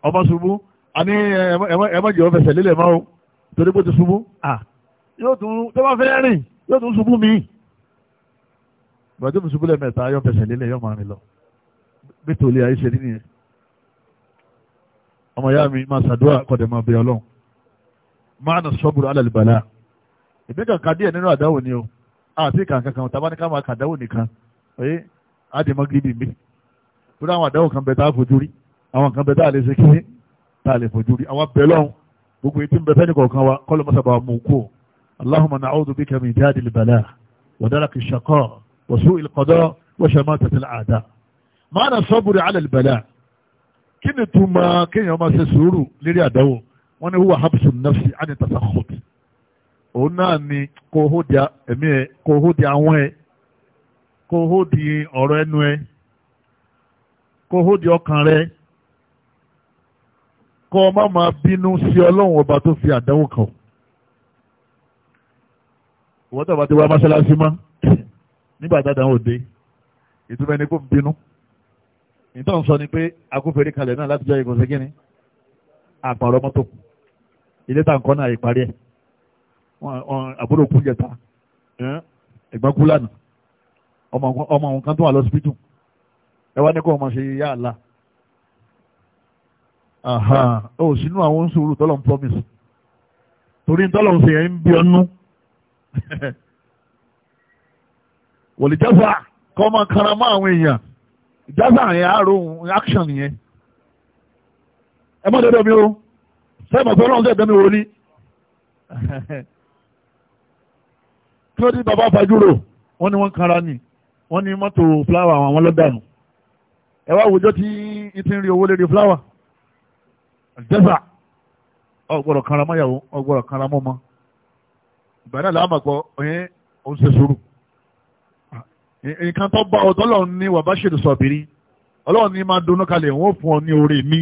ọmọ ṣubú àní ẹmọ́jì ọ fẹsẹ̀ lélẹ̀ máa o torí pé ti ṣubú à yóò tún tó bá fẹ́ rìn yóò tún ṣubú mi. ìgbàjọ́ mi ṣubú lẹ́mẹ̀ta yóò fẹsẹ̀ lélẹ̀ yóò máa rìn lọ bí tòlẹ́ ayé ṣe nínú yẹn. ọmọ ìyá mi máa ṣàdúrà kọ́dẹ̀ máa bẹ ọlọ́run máa nà sọ́bùrù alẹ́ ìbàlá ìbí kankan díẹ̀ nínú àdáwò ni o àti kankan kan tabaníkà máa kàdáwò nìkan ẹ̀ á ti mọ́ gidi mi. tó dáhùn àdáwò kan bẹ̀ tá a fojú rí àwọn kan bẹ tá a lè ṣe kí tá a lè fojú rí àwọn abẹ lọ́hùn gbogbo etí ń bẹ fẹ́ni kọ̀ọ̀kan wa kọ́lọ̀ mọ́sàbà mú kú o allahumma na'udhu bika min jáde libala wa daraki shaqa wa su ilqada wa shamatati al'ada maana saburi ala libala kí ni tuma kéèyàn máa ṣe sùúrù lérí àdáwò wọn ni huwa habsu nafsi ani tasakhut òun náà ni kò di àwọn ẹ kò di ọ̀rọ̀ ẹnu ẹ kò di ọkàn rẹ kọ́ ọ má máa bínú sí ọlọ́run ọba tó fi àdánwò kàn ìwọ́n tó bá ti wá mọ́ṣáláṣí mọ́ nígbà tá a dàn ó dé ìtumọ̀ ẹni kò bínú ìtọ́ ń sọ ni pé akófèrè kalẹ̀ náà láti jẹ́ ìkọ̀sẹ́ kínní àpàrọ̀ mọ́tò ilé tá à ń kọ́ náà ìparí ẹ̀ àbúrò kú jẹta ẹ̀gbọ́n kú lánàá ọmọ òun kan tó wà lọ́sibítù ẹ wá ní kó o ṣe yá àlá ó sínú àwọn sùúrù tọ́lọ̀ ń promise torí tọ́lọ̀ ń sèyàn ń bí ọnú wòlíjásà kọ́ máa kara mọ́ àwọn èèyàn ìjásà yẹn àárò action yẹn ẹ má dẹ́dọ̀ mi o sẹ́yìn mọ̀ pé ọlọ́run dẹ́dọ̀ mi wò ni kí ló dé bàbá fàjúrò wọ́n ní wọ́n kanra ni wọ́n ní mọ́tò fúláwà àwọn ọlọ́dànù ẹ wá wòjọ́ tí ìtì ń rí owó lérí fúláwà àdẹ́fà ọgbọ́dọ̀ kanra mọ́yàwó ọgbọ́dọ̀ kanra mọ́ mọ́ ìbàdàn làámàgbọ́ ọ̀yẹ́ òun ṣe sùúrù nǹkan tó bá ọ̀tọ́ lọ́run ní wàbá ṣèlú sọ̀bìrì ọlọ́run ní máa dunú kalẹ̀ wọ́n fún ọ ní orí mi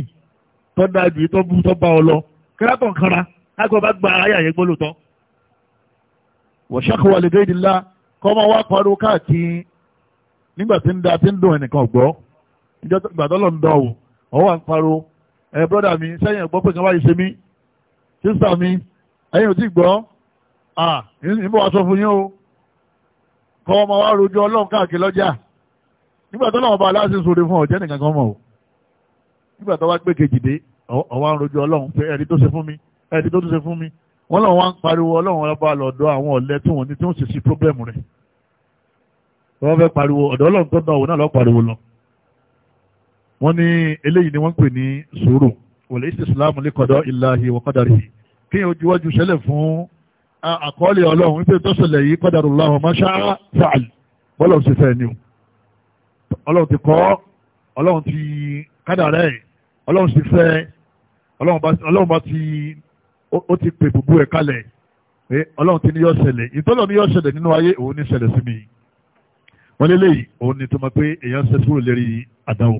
tó dáa ju tó bú tó bá ọ lọ kírátọ̀ kanra lágbọ́n bá gba ayé àyè gbóló tán wọ̀ṣàkó wàlẹ̀ déèdì ńlá kọ́ máa wá pariwo káàkiri nígbà tí ń da tí ń dùn ẹnìkan ọ̀gbọ́ ìjọ gbàdọ́ lọ́n dán o ọ̀wọ́ à ń pariwo ẹ brọ́dà mi sẹ́yìn ẹ̀gbọ́ pé kan wáyé ṣe mí sísà mi ẹ̀yìn ò tí gbọ́ à níbo wàá sọ fún yín o kọ́ ọmọ wa rojú ọlọ́run káàkiri lọ́jà nígbà tó lọ́wọ́ bá aláṣẹ sóore fún ọ̀jẹ́ nìkan kan mọ̀ o nígbà tó wá gbé kejì dé ọ̀wá ń rojú ọlọ́run pé ẹ̀rí tó ṣe fún mi ẹ̀rí tó tún ṣe fún mi wọ́n lọ́wọ́ wá ń pariwo ọlọ́run ọba lọ́dọ̀ àwọn ọ̀lẹ́ tí wọ́n ní tí wọ́n sì sí pírọ́blẹ́mù rẹ̀ wọ́n fẹ́ pariwo ọ̀dọ̀ ọlọ́run tó dán òun náà lọ́ pariwo lọ wọ́n ní eléyìí ni wọ́n ń pè ní sùúrù wòlé ìsìsìláàmù li qada ìlàhì wa qadarihi kí n ojúwájú sẹ́lẹ̀ fún àkọọ́lẹ̀ ọlọ́run wípé tó ṣẹlẹ̀ yìí qadarullahu wa ma sha'a fa'al bọ́lọ̀ sì fẹ́ ni o ọlọ́run ti kọ́ ọlọ́run ti kádàrá ọlọ́run sì fẹ́ ọlọ́run bá ti ó ti pè bùbú ẹ̀ kalẹ̀ pé ọlọ́run ti ní yọ ṣẹlẹ̀ ìtọ́lọ̀ ní yọ ṣẹlẹ̀ nínú ayé òun ní ṣẹlẹ̀ sí mi wọ́n lélẹ́yìí òun ni tó mọ̀ pé èèyàn ṣe sùúrù lérí àdáwò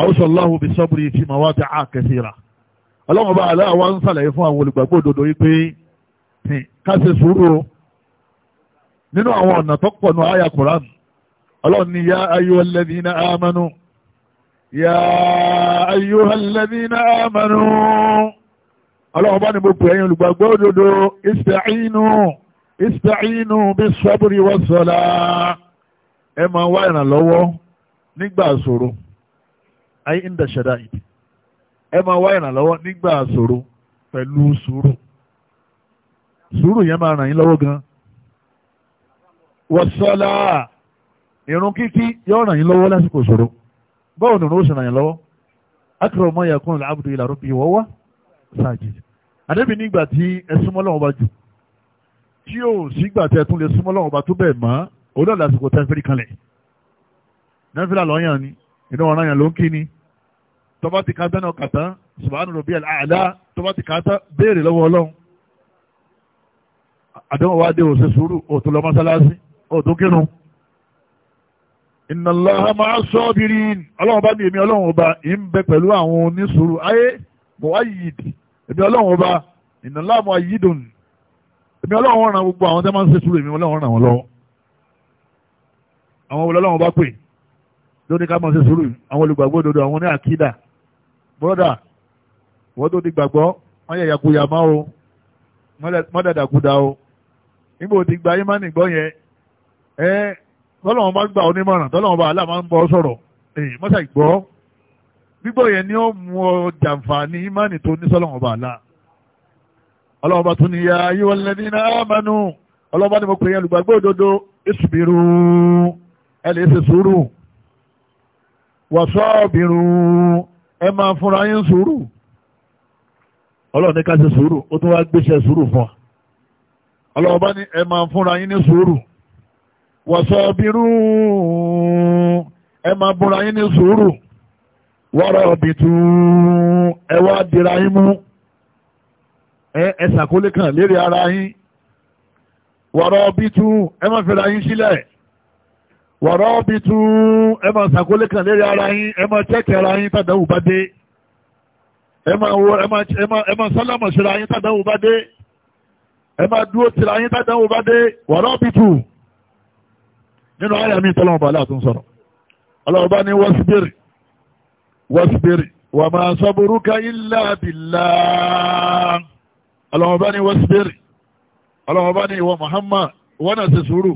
àwùsọ̀láhùn bí sọ́bùrì fi màá wá ti á kẹsìrà ọlọ́run bá aláà wá ń sàlàyé fún àwọn olùgbàgbọ́ òdodo yìí pé ká ṣe sùúrù nínú àwọn ọ̀nà tó pọ̀ nù àyà Qur'an ọlọ́run ni yá ayyuhal ladhina amanu yá ayyuhal ladhina amanu ọlọ́run bá ní gbogbo ẹ̀yin olùgbàgbọ́ òdodo ista'inu ista'inu bis sabri was salah ẹ máa wá ìrànlọ́wọ́ nígbà ìṣòro Ayi inda shada ìdí ẹ máa wá ìrànlọ́wọ́ nígbà ṣòro pẹ̀lú sùúrù sùúrù yẹn máa ràn yín lọ́wọ́ gan wọ́sọ́lá Irun kíkí yóò ràn yín lọ́wọ́ lásìkò ṣòro báwo nìrun o sì ràn yín lọ́wọ́ akọrọ mọ yakun làbùdó ìlà rọbì wọ́wọ́ sáàjì nígbà tí ẹ súnmọ́ lọ́wọ́ bá jù tí sígbà tí ẹ tún lè súnmọ́ lọ́wọ́ bá tó bẹ́ẹ̀ mọ́ òun náà lásìkò tẹ́fẹ́rí ni inú ọ̀ràn yẹn ló ń kí ni tọ́ba ti ká tán náà kà tán subhana rabbiyal a'la tọ́ba ti ká tán béèrè lọ́wọ́ ọlọ́run àdéhùn wa dé òsè sùúrù òtún lọ mọ́sálásí òtún kírun inna Allaha ma'a sabirin ọlọ́run bá ní èmi ọlọ́run ọba ì ń bẹ pẹ̀lú àwọn onísùúrù ayé muayyid èmi ọlọ́run ọba inna Allaha muayyidun èmi ọlọ́run ràn gbogbo àwọn tẹ́ máa ń ṣe sùúrù èmi ọlọ́run ràn wọ́n lọ́wọ́ àwọn olọ́run bá pè é lóní ká máa ṣe sùúrù àwọn olùgbàgbọ́ òdodo àwọn ní àkídà bọ́dà wọ́n tó ti gbàgbọ́ wọ́n yẹ yàkuyà máa o mọ́dàdàkúdà o nígbà tí gba imáni gbọ́ yẹn ẹ tọ́lọ́wọ́n bá gbà onímọ̀ràn tọ́lọ́wọ́n bá aláà máa ń bọ́ sọ̀rọ̀ èyí mọ́sà gbọ́ gbígbọ́ yẹn ni ó mú ọ jàǹfààní imáni tó ní sọ́lọ́wọ́n bá aláà ọlọ́wọ́n bá ya ayéwọ́ lẹ́ni náà mánú ọlọ́wọ́n bá ní mo pè é olùgbàgbọ́ wàsọ́ọ̀bìrún ẹ máa fúnra yín sùúrù ọlọ́run ní ká ṣe sùúrù ó tún wá gbéṣẹ́ sùúrù fún wa ọlọ́run bá ní ẹ máa fúnra yín ní sùúrù wàsọ́ọ̀bìrún ẹ máa búra yín ní sùúrù wọ́rọ̀ ọ̀bìtún ẹ wá dira yín mú ẹ ṣàkólé kan lérí ara yín wọ́rọ̀ ọ̀bìtún ẹ má fẹ́ra yín sílẹ̀. wọ̀rọ̀ bí tú ẹ máa ṣàkólé kan lérí ara yín ẹ máa chẹ́kì ara yín tàdáwù bá dé ẹ máa wo ẹ máa sálámọ̀ síra yín tàdáwù bá dé ẹ máa dúró tìra yín tàdáwù bá dé wọ̀rọ̀ bí tú nínú ayà mi tọ́lọ́mọ̀ bàálà tó ń sọ̀rọ̀ ọlọ́ọ̀bá ní wọ́sibírì wọ́sibírì wà máa sọ́bùrúkà illa billah ọlọ́ọ̀bá ní wọ́sibírì ọlọ́ọ̀bá ní ìwọ Muhammad wọ́n náà ṣe sùúrù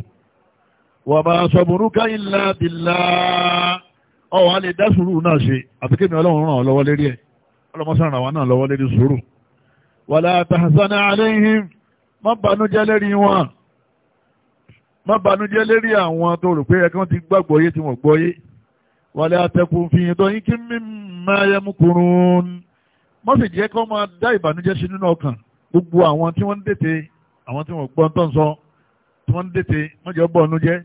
wà máa sọ̀bùrú káyìn lábìlá ọwọ́ a lè dá sùúrù náà ṣe àti kí mi ọlọ́run ràn lọ́wọ́ lérí ẹ̀ ọlọ́mọsán ràn wá náà lọ́wọ́ lérí sùúrù wà látàhásánà aléhìn má banújẹ́ lérí wọn má banújẹ́ lérí àwọn tó rò pé ẹ̀kan ti gbàgbọ́ yé tí wọ́n gbọ́ yé wà látẹkùn fi tó yín kí mi máa yẹ mú kurun má sì jẹ́ kó máa dá ìbànújẹ́ sí nínú ọkàn gbogbo àwọn tí wọ́n ń dètè àwọn tí wọ́n gbọ́ ń tí wọ́n ń dètè wọ́n jẹ́ bọ́ọ̀nú jẹ́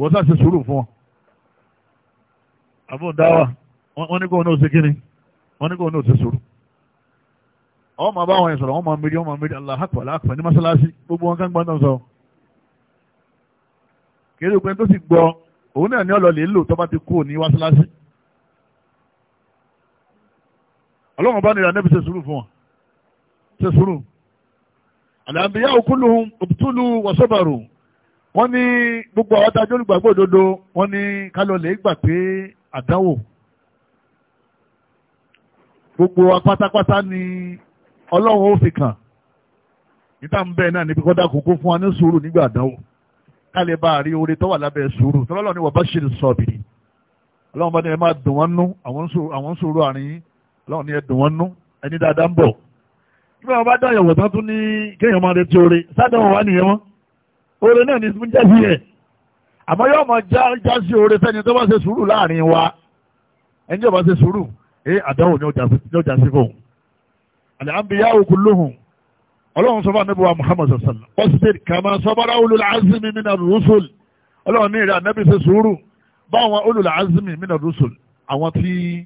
wọ́n sá ṣe sùúrù fún wọn. àbọ̀ dáwà wọ́n ní kó ní o ṣe kíni wọ́n ní kó ní o ṣe sùúrù. àwọn máa bá wọn sọ̀rọ̀ wọ́n máa méjì wọ́n máa méjì Allah akpa láàpẹ̀ ní mọ́ṣáláṣí gbogbo wọn kán gbọ́dọ̀ sọ. kéré òpin tó sì gbọ́ òun náà ní ọlọ́ọ̀lẹ́ lò tó bá ti kú ní wáṣáláṣí. ọlọ́run bá nira nẹ́bi ṣe sùúrù fún wọn ṣe sùúrù. àlàbíyá òkúlùhùn òbítúlù wọ́n ní gbogbo àwọn tá a jẹ́ olùgbàgbọ́ òdodo wọ́n ní kálọ̀lẹ̀ gbà pé àdánwò gbogbo wa pátápátá ni ọlọ́run ó fi kàn níta ń bẹ́ẹ̀ náà níbi kọ́dà kókó fún wa ní sùúrù nígbà àdánwò kálẹ̀ bá a rí oore tó lábẹ́ sùúrù tọ́lọ́lọ́ ni wọ́n bá ṣe sọ̀bìrì ọlọ́run bá ní ẹ máa dùn wọ́n nú àwọn sùúrù àárín ọlọ́run ní ẹ dùn wọ́n nú ẹni dáadáa ń bọ̀ nígbà wọn bá dá àyẹ̀wò tán tún ní kéèyàn máa retí oore sádàn wà nìyẹn wọn oore náà ní sí ń jẹ́ sí ẹ̀ àmọ́ yóò mọ̀ já sí oore fẹ́ni tó bá ṣe sùúrù láàrin wa ẹni tó bá ṣe sùúrù ẹ àdáwò ni ó já sí fóun al-anbiya'u kulluhum ọlọ́run sọ fún anábì wa muhammad sallam wasbir kama sabara ulul azmi mina rusul ọlọ́run ní ìrẹ́ anábì ṣe sùúrù báwọn ulul azmi mina àwọn tí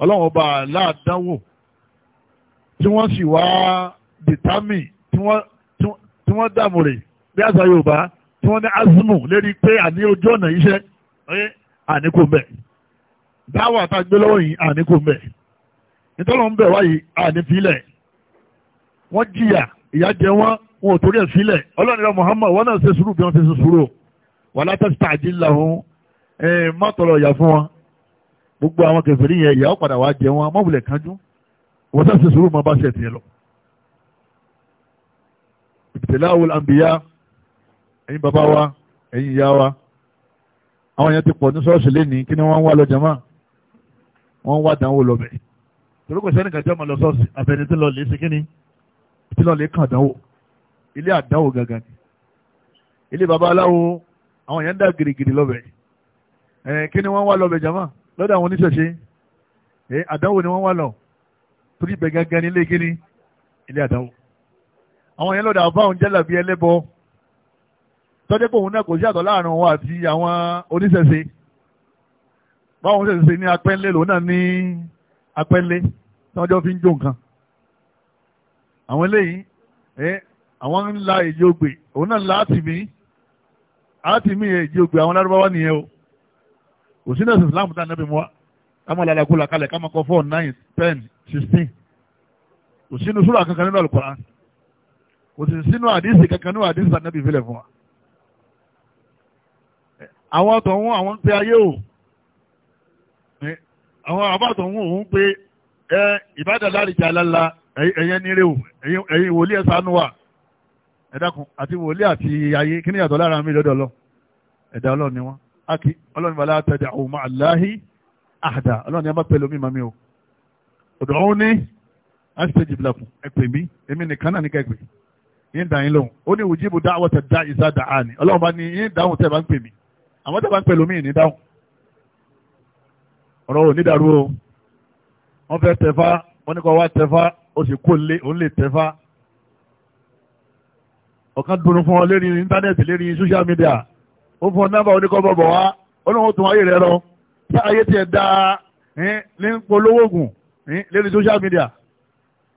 ọlọ́run ọba aláàdánwò tí wọ́n sì wá dìtámì tí wọ́n dàmú bí àṣà yorùbá tí wọ́n ní azimu lérí pé àní ojú ọ̀nà iṣẹ́ àní kò mbẹ̀ dáwọ̀ àtàgbé lọ́wọ́ yìí àní kò mbẹ̀ nítorí ń bẹ̀ wáyé àní filẹ̀ wọ́n jìyà ìyà jẹ wọ́n wọn ò torí ẹ̀ sílẹ̀ ọlọ́run ìlà muhammad wọn náà ṣe sùúrù bí wọ́n ṣe ṣe sùúrù wà látàkì tààjì làwọn má tọrọ ìyà fún wọn gbogbo àwọn kẹfìrí yẹn ìyà padà wá jẹ wọn mọ́wùlẹ̀ kánjú wọ́n ṣe sùúrù mọ́ bá ṣe tiẹ̀ lọ. ìtẹ̀láwò àǹbíyá ẹ̀yin bàbá wa ẹ̀yin ìyá wa àwọn èèyàn ti pọ̀ ní ṣọ́ọ̀ṣì lẹ́nìí kí ni wọ́n ń wá lọ jàmá wọ́n ń wá dánwò lọ bẹ̀ torí kò sẹ́ni kàjọ́ ọmọ lọ ṣọ́ọ̀ṣì àfẹni tí lọ ṣe kíni tí lọ kàn dánwò ilé àdánwò gangan ni ilé bàbá aláwo àwọn èèyàn ń dá gìrìgìrì lọ bẹ̀ ẹ̀ kí ni wọ́n wá lọ bẹ̀ jàmá lọ́dọ̀ àwọn oníṣẹ̀ṣe ẹ̀ àdánwò ni wọ́n wá lọ torí ibẹ̀ gangan ni ilé kíni ilé àdánwò àwọn èèyàn lọ́dọ̀ àbáwọn jálàbí ẹlẹ́bọ tọ́jẹ́ pé òun náà kò sí àtọ̀ láàrin òun àti àwọn oníṣẹ̀ṣe báwọn oníṣẹ̀ṣe ní apẹ́ńlé lòun náà ní apẹ́ńlé tí wọ́n jọ fi ń jó nǹkan àwọn eléyìí ẹ àwọn ń la èjì ogbè òun náà ń la àtìmí àtìmí èjì ogbè àwọn lárúbáwá nìyẹn o kò sí nẹ́sìn Islam tá nẹ́bí mu wa ká máa lalakú la kalẹ̀ ká máa kọ four nine ten sixteen kò sínú súrà kankan nínú Al-Qur'an kò sì sínú àdìsí kankan nínú àdìsí tá nẹ́bí ìfilẹ̀ fún wa àwọn tọ̀hún àwọn ń pe ayé o àwọn àbátọ̀hún òun pe ẹ ìbádàlá àrìjà alála ẹ̀yẹ nílé o ẹ̀yin wòlíì ẹ̀ sánú wa ẹ dákun àti wòlíì àti ayé kí ni yàtọ̀ lára mi lọ́dọ̀ lọ ẹ̀dá ọlọ́run ni wọ́n ákì ọlọ́run bala tẹ̀dẹ̀ ọ̀hún aláhi àdá ọlọ́run a máa pẹ̀lú mi màmí o ọ̀dọ̀ ọ̀hún ní àṣìṣẹ́jì bìlàkùn ẹ pè mí èmi nìkan náà ní kẹ́gbẹ́ yín dà yín lóhùn ó ní ìwùjíbù dáwọ́ tẹ̀ dá ìsá dà á ní ọlọ́run bá ní yín dáhùn tẹ̀ bá ń pè mí àwọn tó bá ń pẹ̀lú míì ní dáhùn ọ̀rọ̀ ò ní dàrú o wọ́n fẹ́ tẹ̀fá wọ́n ní kọ́ wá tẹ̀fá ó sì kó lé òun lè tẹ̀fá ọ̀kan dunu fún ọ lérí íńtánẹ́ẹ̀tì lérí social media ó fún ọ nọ́mbà oníkọ́ bọ̀bọ̀ wá ó lóun tún ayé rẹ lọ tí ayé tiẹ̀ dáa ní polówó oògùn lérí social media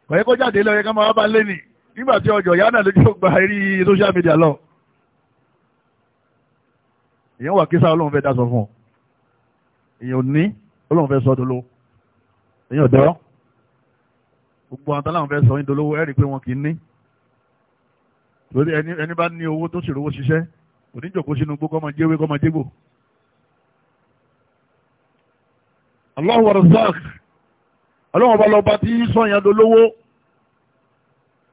kọ̀yẹ́kọ́ jáde lọ yẹ ká máa bá lé nì nígbà tí ọjọ́ yánà lójú gba eré social media lọ èèyàn wà kísà ọlọ́run fẹ́ dá sọ fún ọ èèyàn ní ọlọ́run fẹ́ sọ dolo èèyàn dọ́ gbogbo àwọn táwọn fẹ́ sọ yín dolówó ẹ̀rí pé wọn kì í ní lórí ẹni bá ní owó tó sì rówó ṣiṣẹ́ oníjòkó sínú gbó kọ́mọ jẹ́wé kọ́mọ jẹ́gbò. Allahu Razzaq ọlọ́run ọba lọ́ba tí sọ̀yàn dolówó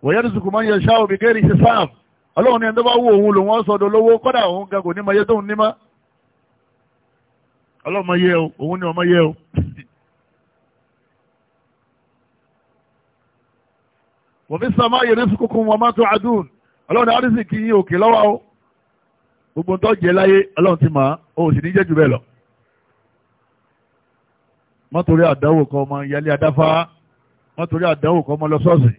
wọ̀nyẹ́dùsùkùmọ́ yẹn ṣáà òbí kẹ́rì ṣe sáàbù ọlọ́run ní ẹni tó bá wù òun lòun ọ̀sọ̀dọ̀ lówó kọ́dà òun gan kò ní mọ iye tóun ní mọ́ ọlọ́run mọ iye o òun ní ọmọ iye o. wọ́n fi sàmá yẹrẹ sukukun wọn máa tó adùn ọlọ́run ní arísì kì í yín òkè lọ́wọ́ o gbogbo tó jẹ láyé ọlọ́run ti mọ̀ ọ́ o sì ní jẹ́ jù bẹ́ẹ̀ lọ. mọ́tòrí àdánwò kan ọmọ yálé adáfá mọ́tòrí àdánwò kan ọmọ lọ sọ́ọ̀sì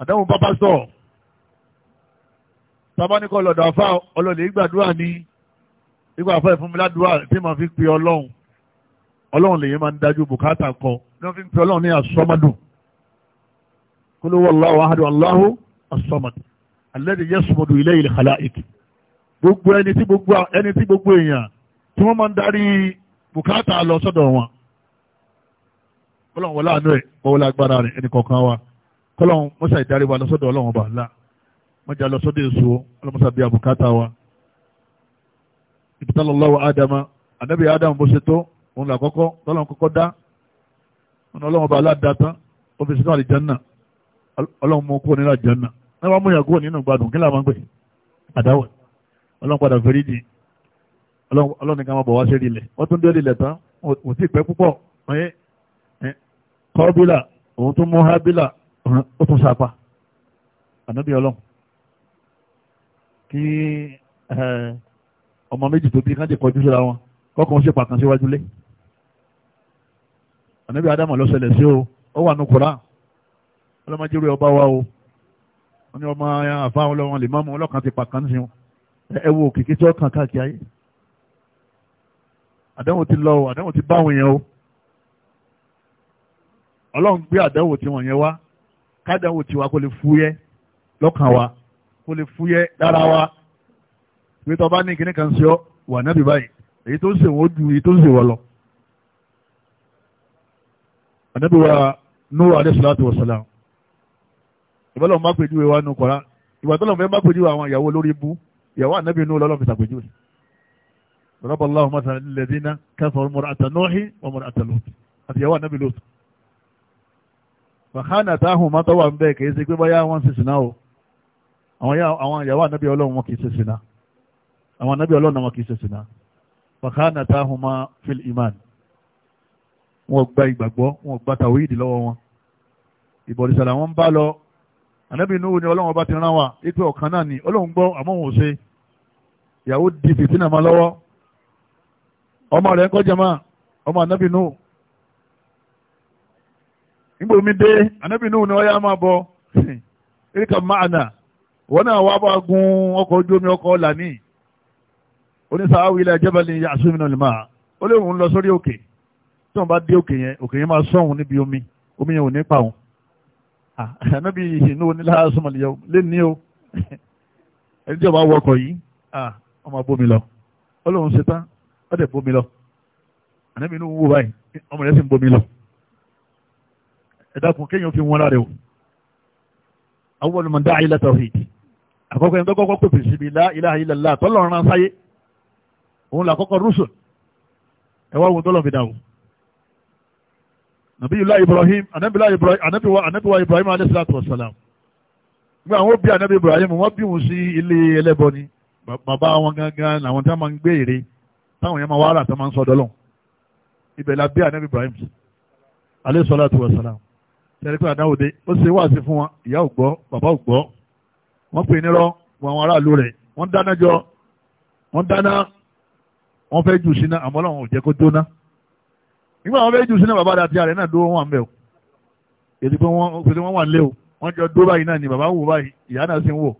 àdánwò bábá sọ̀rọ̀ tọ́ba ní kọ́ lọ́dọ̀ afá ọlọ́lẹ̀ ìgbàdúrà ní ìgbà afá ìfúnmiládùúrà tí màá fi pe ọlọ́run ọlọ́run lèyìn máa ń dájú bùkátà kan ní wọ́n fi ń pe ọlọ́run ní asọ́mọdùn kúlú wallahu ahadu Allahu asọ́mọdù alladhi yasmudu ilayhi al-khalaiq gbogbo ẹni tí gbogbo ẹni tí gbogbo èèyàn tí wọ́n máa ń darí bùkátà lọ sọ́dọ̀ wọn kọ́lọ́run wọlé àánú ẹ̀ kọ́wọ́lá agbára rẹ̀ ẹnì kọ̀ọ̀kan wa kọ́lọ́run mọ́ṣáì darí wa lọ sọ́dọ̀ ọlọ́run ọba Allah mọ́jà lọ sọ́dọ̀ èso ọlọ́mọsá bíi àbùkátà wa ìbítàlọ́lọ́wọ́ ádámà ànábì ádámà bó ṣe tó òun là kọ́kọ́ tọ́lọ́n kọ́kọ́ dá ọ̀nà ọlọ́run ọba aládàá tán ó fi sínú àlìjánà ọlọ́run mú kúrò nínú àlìjánà ẹ wá múyàn kúrò nínú gbádùn kí làwọn gbé àdáwọ̀ ọlọ́run padà fẹ́rí di ọlọ́run nìkan máa bọ̀ wá sí ilẹ̀ wọ́n tún dé ilẹ̀ tán òun kí ọmọ méjì tó bí káńtì kọjú síra wọn kọ́kàn ṣe pàtàn síwájú lé ànábì adamu ló ṣẹlẹ̀ sí o ó wà ní kura ọlọ́mọdé ọba wa o wọ́n ní ọmọ àfa ọlọ́wọ́n lè máa mú ọlọ́kan ti pàtàn sí wọn ẹ wo kìkì tí ó kàn káàkiri ayé àdánwò ti lọ o àdánwò ti bá yẹn o ọlọ́run gbé àdánwò tiwọn yẹn wá kádánwò tiwa kó lè fúyẹ́ lọ́kàn wa kó lè fúyẹ́ dára wa pé tọ́ bá ní kíní kan sí ọ wà nábì báyìí èyí tó ń sè wọ́n ju èyí tó ń sè wọ́n lọ. ànábì wa Nuhu alayhi salatu wa salam ìbálò má pèjúwe wa nù kọ́ra ìgbà tó fẹ́ má pèjúwe àwọn ìyàwó lórí ibú ìyàwó ànábì Nuhu lọ́lọ́ fi sàpèjúwe. ضرب الله مثلا للذين كفروا امرأة نوح وامرأة لوط àtìyàwó ànábì Lóòtù. فخانتاهما tó wà ń bẹ́ẹ̀ kì í ṣe pé bóyá àwọn ìyàwó ànábì ọlọ́run wọn kì í ṣe sìnà àwọn ànábì ọlọ́run wọn kì í ṣe sìnà fàkánà táhùnmá fil iman wọn gba ìgbàgbọ́ wọn gba tàwíìdì lọ́wọ́ wọn ìbọ̀dìsàlà wọn bá lọ ànábì inú ni ọlọ́run bá ti rán wa ipe ọ̀kan náà ni ọlọ́run gbọ́ àmọ́ òun ṣe ìyàwó di fìtínà máa lọ́wọ́ ọmọ rẹ̀ kọjá máa ọmọ ànábì inú nígbà omi dé ànábì inú ni ọyá wọ́n náà wá bá gun ọkọ̀ ojú omi ọkọ̀ ọ̀là ní oníṣàáwí ilẹ̀ jẹ́bẹ̀lì àṣùmínà lè máa ó lè wọ́n lọ sórí òkè tí wọ́n bá dé òkè yẹn òkè yẹn máa sọ́hun níbi omi omi yẹn ò ní pa òun ah, ànábì ìṣìnú oníláàsùmọ̀ lè ní o ẹni tí ọba wọ ọkọ̀ yìí ọmọ ah, bómi lọ ó lóun ṣe tán ó dẹ̀ bómi lọ ànábì inú wò báyìí ọmọ rẹ̀ sì ń bómi lọ ẹ̀dá kun kéèyàn fi wọn lára o awọ́lùmọ̀ dáa ilẹ̀ tàwíìdì àkọ́kọ́ ẹni tó kọ́kọ́ pèpè síbi la ilaha illallah tọ́lọ́run rán sáyé òun là kọ́kọ́ rúṣùn ẹwà ohun tọ́lọ́run fi dàwó nàbíyùlá Ibrahim anábíwá Ibrahim alayhi salatu wassalam nígbà àwọn òbí anábí Ibrahim wọ́n bí wọn sí ilé ẹlẹ́bọ ni bàbá wọn gangan làwọn tí wọ́n máa ń gbé ère táwọn yẹn máa wá rà tó máa ń sọ dọ́lọ́n ibẹ̀ la bí anábí Ibrahim alayhi salatu wassalam tẹ́lẹ̀ ó ṣe wáàsí fún wọn ìyá ò gbọ́ bàbá ò gbọ́ wọ́n pè nírọ́ wọ àwọn aráàlú rẹ̀ wọ́n dáná jọ wọ́n dáná wọ́n fẹ́ jù síná àmọ́ làwọn ò jẹ́ kó jóná nígbà wọ́n fẹ́ jù síná bàbá àti àrẹ náà dúró wọn àmì ẹ̀ o èdè pé wọ́n pèsè wọ́n wà lé o wọ́n jọ dúró báyìí náà ni bàbá wò báyìí ìyá náà sì ń wò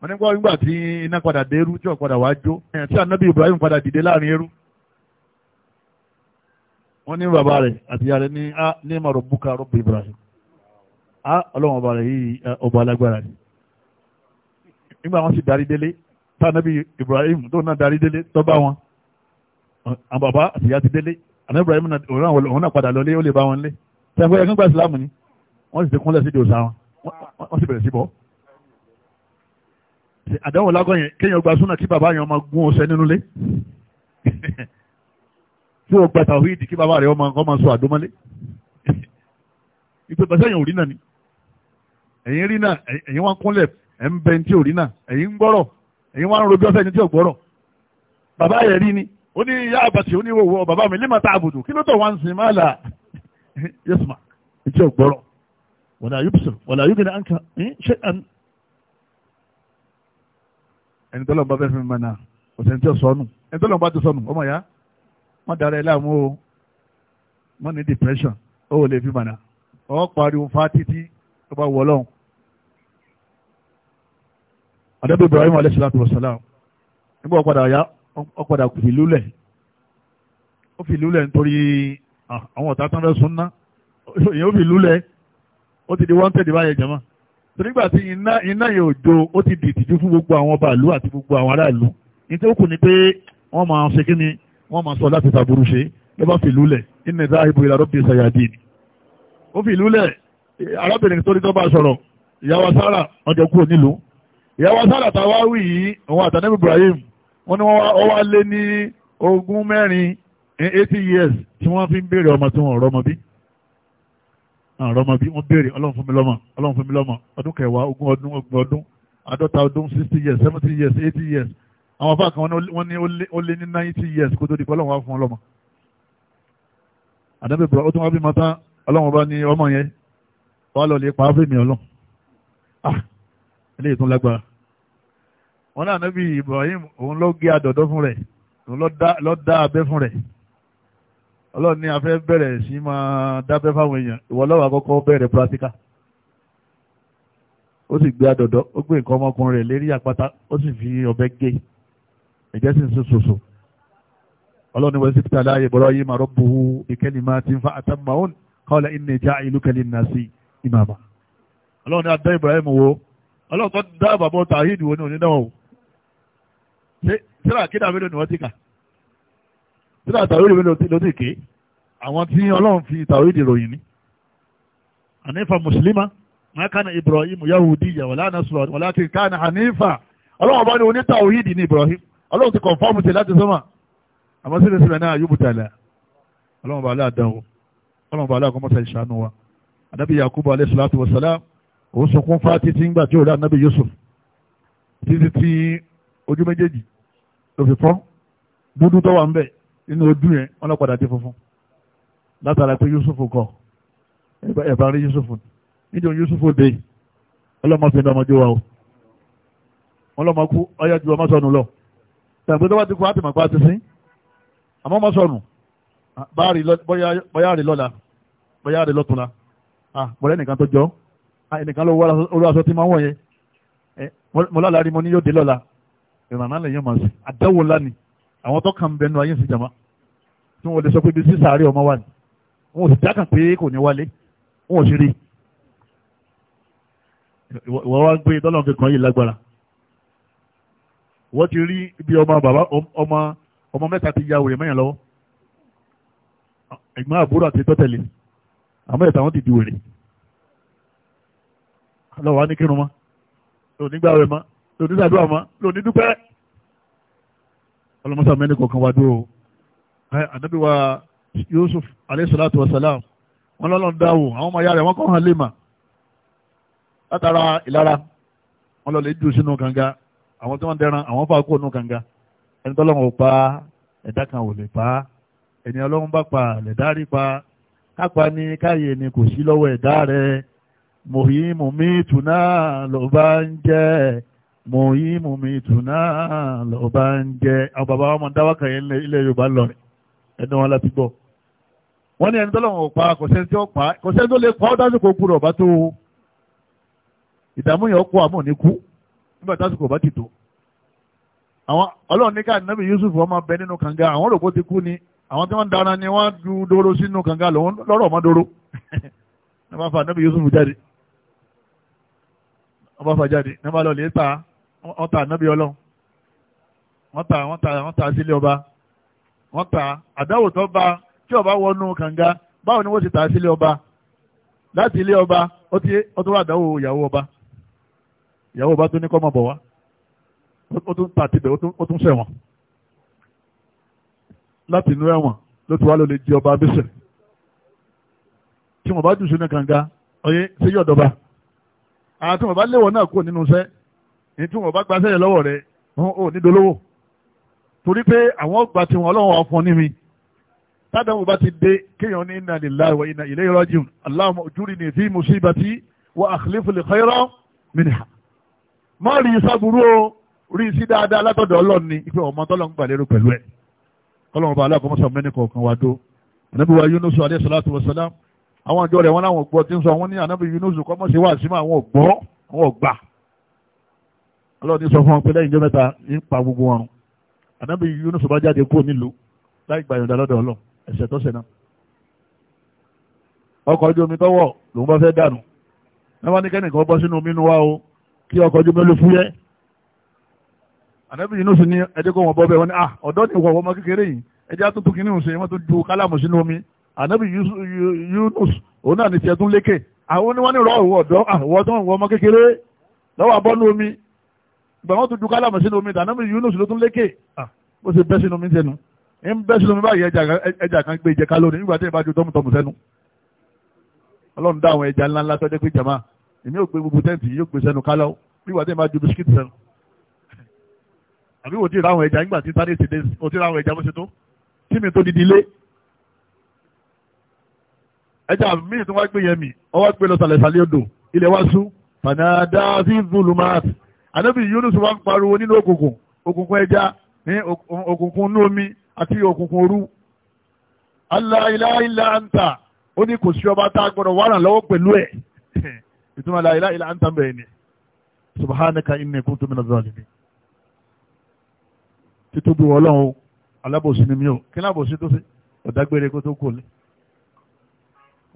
wọ́n nígbà nígbà tí iná padà dé eru tí ò padà wàá jó ẹ̀yàn tí ànábì Ibrahim padà dìde láàrin eru wọ́n ní bàbá rẹ̀ àti ìyá rẹ̀ ní ah, ní màrò búkà Ibrahim á ah, ọlọ́run ọba rẹ̀ yìí eh, ọba alágbára ni nígbà wọn sì darí délé tánàbí Ibrahim tó náà darí délé tó bá wọn àwọn bàbá àti ti délé àná Ibrahim òun náà padà lọlé ó lè bá wọn lé tẹ́gbẹ́ ẹgbẹ́ gba ìsìlámù ni wọ́n sì ti kúnlẹ̀ sí ìdí òsà wọn wọ́n sì bẹ̀rẹ̀ sí bọ́ àdánwò lágọ́ yẹn kéèyàn gba súnà kí bàbá yẹn ọmọ gún ọsẹ nínú lé tí o gba tàwíìdì kí bàbá rẹ ọmọ ọmọ sọ àdómọlé ìpè pàṣẹ yẹn ò rí náà ni ẹ̀yin rí náà ẹ̀yin wọn kúnlẹ̀ ẹ̀ ń bẹ tí ò rí náà ẹ̀yin ń gbọ́rọ̀ ẹ̀yin wá ń rojọ́ sẹ́ni tí ò gbọ́rọ̀ ni ó ní ìyá àbàtì oníwòwò bàbá mi lima ta'budu kí ló tó wá ń sin máa là ò gbọ́rọ̀ wala yubsir wala yughni anka eh, ẹni bá fẹ́ fi mọ̀ ya wọ́n dara ẹ láàmú o wọ́n ní depression ó fi mọ̀ náà ọ̀ pariwo fa títí àdẹ́bí Ibrahim alẹ́sìláàtù wasalam nígbà ọ̀padà ya ọ̀padà kò fi lúlẹ̀ ó fi lúlẹ̀ nítorí àwọn ọ̀tá tán fẹ́ súnná èyàn ó fi lúlẹ̀ ó ti di wanted báyẹn jẹ́mọ́ torí gbà tí iná iná yẹn ò jó ó ti di ìtìjú fún gbogbo àwọn ọba ìlú àti gbogbo àwọn aráàlú ní tí ó kù ni pé wọ́n máa ṣe kí ni wọ́n máa sọ láti tàbúrú ṣe ló bá fi lúlẹ̀ inna zahibu ila rabbi sayadini ó fi lúlẹ̀ arábìnrin tó ìyàwó sálàtà wá wì yìí òun àtànẹ́bí Ibrahim wọ́n ní wọ́n wá lé ní ogún mẹ́rin eh, eighty years tí wọ́n fi ń béèrè ọmọ tí wọ́n rọ́mọ bí àrọ́mọ bí wọ́n béèrè ọlọ́run fún mi lọ́mọ ọlọ́run fún mi lọ́mọ ọdún kẹwàá ogún ọdún ogún ọdún àádọ́ta ọdún sixty years seventy years eighty years àwọn afá kan wọ́n ní ó lé ní ninety years kó tó di pé ọlọ́run wá fún ọlọ́mọ. àdàbẹ̀ bùrọ̀ ó tún wá bí mọ́tá ọlọ́run bá ní ọmọ yẹn wàá lọ lè pa á fèmí ọlọ́run ah eléyìí tún lágbára wọn náà níbi Ibrahim òun ló gé àdọ̀dọ́ fún rẹ̀ òun ló dá abẹ́ fún rẹ̀ ọlọ́run ní afẹ́ bẹ̀rẹ̀ sí máa dábẹ́ fáwọn èèyàn ìwọ lọ́wọ́ àkọ́kọ́ bẹ̀rẹ̀ practical ó sì gbé àdọ̀dọ́ ó gbé nǹkan ọmọkùnrin rẹ̀ lérí àpáta ó sì fi ọ̀bẹ gé ẹ̀jẹ̀ sì ń sún ṣoṣo ọlọ́run wọ́n sì ti tàlá ìbọ̀rọ̀ yìí máa rọ́bù ìkẹ́lì máa ti ń fa àtàmàún kọ́lẹ̀ ìní ìjà ìlú kẹ́lì náà sí ìmàmà ọlọ́run adá Ibrahim wo ọlọ́run tó dá bàbá tàhídì wo ní onídàá tíra kídà mélòó ni wọ́n ti kà tíra tàwíìdì mélòó ló ti ké àwọn tí ọlọ́run fi tàwíìdì ròyìn ni hanifa muslima ma kana ibrahim yahudiya wala nasra walakin kana hanifa ọlọ́run bá ní oní tàwíìdì ní ibrahim ọlọ́run ti kọ̀nfọ́ọ̀mù ti láti sọ́mà àmọ́ síbẹ̀síbẹ̀ náà yóò bùtàlẹ̀ ọlọ́run bá aláàdánwò ọlọ́run bá aláàkọ́mọ́sá ìṣàánú wa anábì yakubu alayhi salatu wa salam òun sọkún fáti tí ń gbà tí ò rí anábì yusuf títí tí ojú méjèèjì ló fi fọ́ dúdú tó wà ń bẹ̀ inú ojú yẹn wọ́n lọ padà dé funfun látara pé Yusuf kọ ẹ̀bá rí Yusuf níjọ Yusuf dé ọlọ́mọbìnrin ọmọdé wa o wọ́n lọ́mọ kú ọyá ju ọmọ sọnù lọ tàbí tó bá ti kú àti màgbá ti sín àmọ́ ọmọ sọnù ah, bóyá rí lọ́la bóyá rí lọ́túnla bọ̀dẹ́ ah, nìkan tó jọ ah, ẹnìkan ló wọ́n olú tí máa ń wọ̀nyẹ eh, mọ́lá lárí mo ní yóò dé lọ́la ìrànà lẹ́yìn máa sí àdáwò lánì àwọn tó kàn ń bẹnu ayé sí jama tí wọ́n lè sọ pé bí sísà àárẹ̀ ọmọ wà ní wọn ò sì dákàn pé kò ní wálé wọn ò sì rí ìwọ wá gbé dọ́là kankan yìí lágbára wọ́n ti rí bí ọmọ bàbá ọmọ ọmọ mẹ́ta ti ya òrè mẹ́yàn lọ́wọ́ ẹ̀gbọ́n àbúrò àti tọ́tẹ̀lẹ̀ àmọ́ ẹ̀ta wọn ti di òrè lọ́wọ́ á ní kírun mọ́ nígbà rẹ̀ mọ́ lòdì sàdúrà mọ́ lòdì dúpẹ́ ọlọ́mọsá mẹ́ni kọ̀ọ̀kan wá dúró ànábì wa Yusuf aleyhisalatu wasalam wọn lọ́lọ́n dáwò àwọn ọmọ ayá rẹ̀ wọ́n kọ́ hàn lè mà látara ìlara wọn lọ lè jù sínú kànga àwọn tí wọ́n dẹran àwọn fà kó nù kànga ẹni tọ́lọ́run ò pa ẹ̀dá kan ò lè pa ẹni ọlọ́run bá pa lẹ̀dárí pa kápá ni káyè ni kò sí lọ́wọ́ ẹ̀dá rẹ̀ mòhí mòmí tùnà ló bá ń jẹ́ mo yí mu mi tùnà lọ́ba ń jẹ́ àwọn bàbá wa máa ń dáwà kàyẹ́ ilẹ̀ yorùbá lọ́rin ẹni wọn láti gbọ́ wọ́n ní ẹni tọ́lọ́wọ̀n pa kò sẹ́ni tí ó pa kò sẹ́ni tó lè pa ó dásìkò kú rọ̀ bá tó ìdààmú yẹn ó kó àmọ́ ní kú nígbà dásìkò bá ti tó àwọn ọlọ́run ní ká nàbì yusuf ọmọ bẹ nínú kànga àwọn rògbò ti kú ni àwọn tí wọ́n dara ni wọ́n ju doro sínú kànga lọ́rọ̀ ọmọ doro fa nàbì yusuf jáde wọ́n fa jáde ní wọ́n wọ́n ta ànábì ọlọ́run wọ́n ta wọ́n ta wọ́n ta sílé ọba wọ́n ta àdáwò ba bá tí ọba wọnú kànga báwo ni wọ́n ti ta sílé ọba láti ilé ọba ó ti ó tó wà àdáwò ìyàwó ọba ìyàwó ọba tó ní kọ́ mọ̀ bọ̀ wá ó tún ta tibẹ̀ ó tún ṣẹ̀wọ̀n láti inú ẹ̀wọ̀n ló ti wá ló lè jí ọba abẹ́sẹ̀ tí wọ́n bá jù sínú kànga ọyẹ ṣé yọ̀dọ̀ba àti wọ́n bá léwọ̀ náà kúrò nínú iṣẹ́ ní tí wọn bá gba sẹ́yìn lọ́wọ́ rẹ ò ní dolówó torí pé àwọn ọgbà tí wọn ọlọ́run ọ̀fun ní mi tádàmù bá ti dé kéèyàn ní inna lillahi wa inna ilayhi rajiun Allahumma ujurni fi musibati wa akhlif li khayran minha má rí sábúrú o rí sí dáadáa látọ̀dọ̀ ọlọ́run ni ìpè ọmọ tọ́lọ́ ń gbàlérò pẹ̀lú ẹ̀ kọ́lọ́run bá aláàkọ́ ọlọ́run ní sọ fún wọn pé lẹ́yìn ìjọ mẹ́ta ń pa gbogbo ọrùn ànábì Yunus bá jáde kúrò nílùú láì gbà yọ̀ǹda lọ́dọ̀ ọlọ́ ẹ̀ṣẹ̀ tó ṣẹ̀nà ọkọ̀ ojú omi tọ́wọ̀ lòun bá fẹ́ dànù wọ́n bá ní kẹ́nìkan bọ́ sínú omi inú wa o kí ọkọ̀ ojú omi ló fúyẹ́ ànábì Yunus ní ẹjẹ́ kó wọn bọ́ bẹ́ẹ̀ wọ́n ní ah, ọ̀dọ́ ni ìwọ̀n ọmọ kékeré yìí ẹjẹ́ àtúntò kìíní ń ṣe wọ́n tó ju kálàmù sínú omi ànábì Yunus òun náà ní tiẹ̀ tún lékè àwọn oníwọ́n ní rọ̀ ọ̀dọ́ àwọn ah, tó ń ọmọ kékeré lọ́wọ́ abọ́nú omi gbàmọ́ tó dukálà mọ̀ sínú omi tànàmì Yunus ló tún lékè ah. bó ṣe bẹ́ sínú omi sẹ́nu ń bẹ́ sínú omi báyìí ẹja kan gbé ìjẹka lónìí nígbà tí ìbá ju tọ́mùtọ́mù sẹ́nu ọlọ́run dá àwọn ẹja ńláńlá tọ́jú pé jama èmi ò gbé gbogbo tẹ́ǹtì yóò gbé sẹ́nu kálá nígbà tí ìbá ju bisikíìtì sẹ́nu àbí wò ti ra àwọn ẹja nígbà tí sáré ti dé o ti ra àwọn ẹja bó ṣe tó tí di di ilé ẹja míì tó wá gbé yẹn mi ọwọ́ gbé lọ sàlẹ̀ sàlẹ̀ odò ilẹ̀ ànábì Yunus wá ń pariwo nínú òkùnkùn òkùnkùn ẹja ní òkùnkùn inú omi àti òkùnkùn òru Allah ilaha illa anta ó ní kò sí ọba tá a gbọdọ̀ wà ràn lọ́wọ́ pẹ̀lú ẹ̀ ìtumọ̀ la ilaha illa anta bẹ́ẹ̀ ni subhanaka inni kuntu minaz zalimin títóbi ọlọ́run alábòsí ni mí o kí lábòsí tó ṣe ọ̀dágbére kó tó kó lé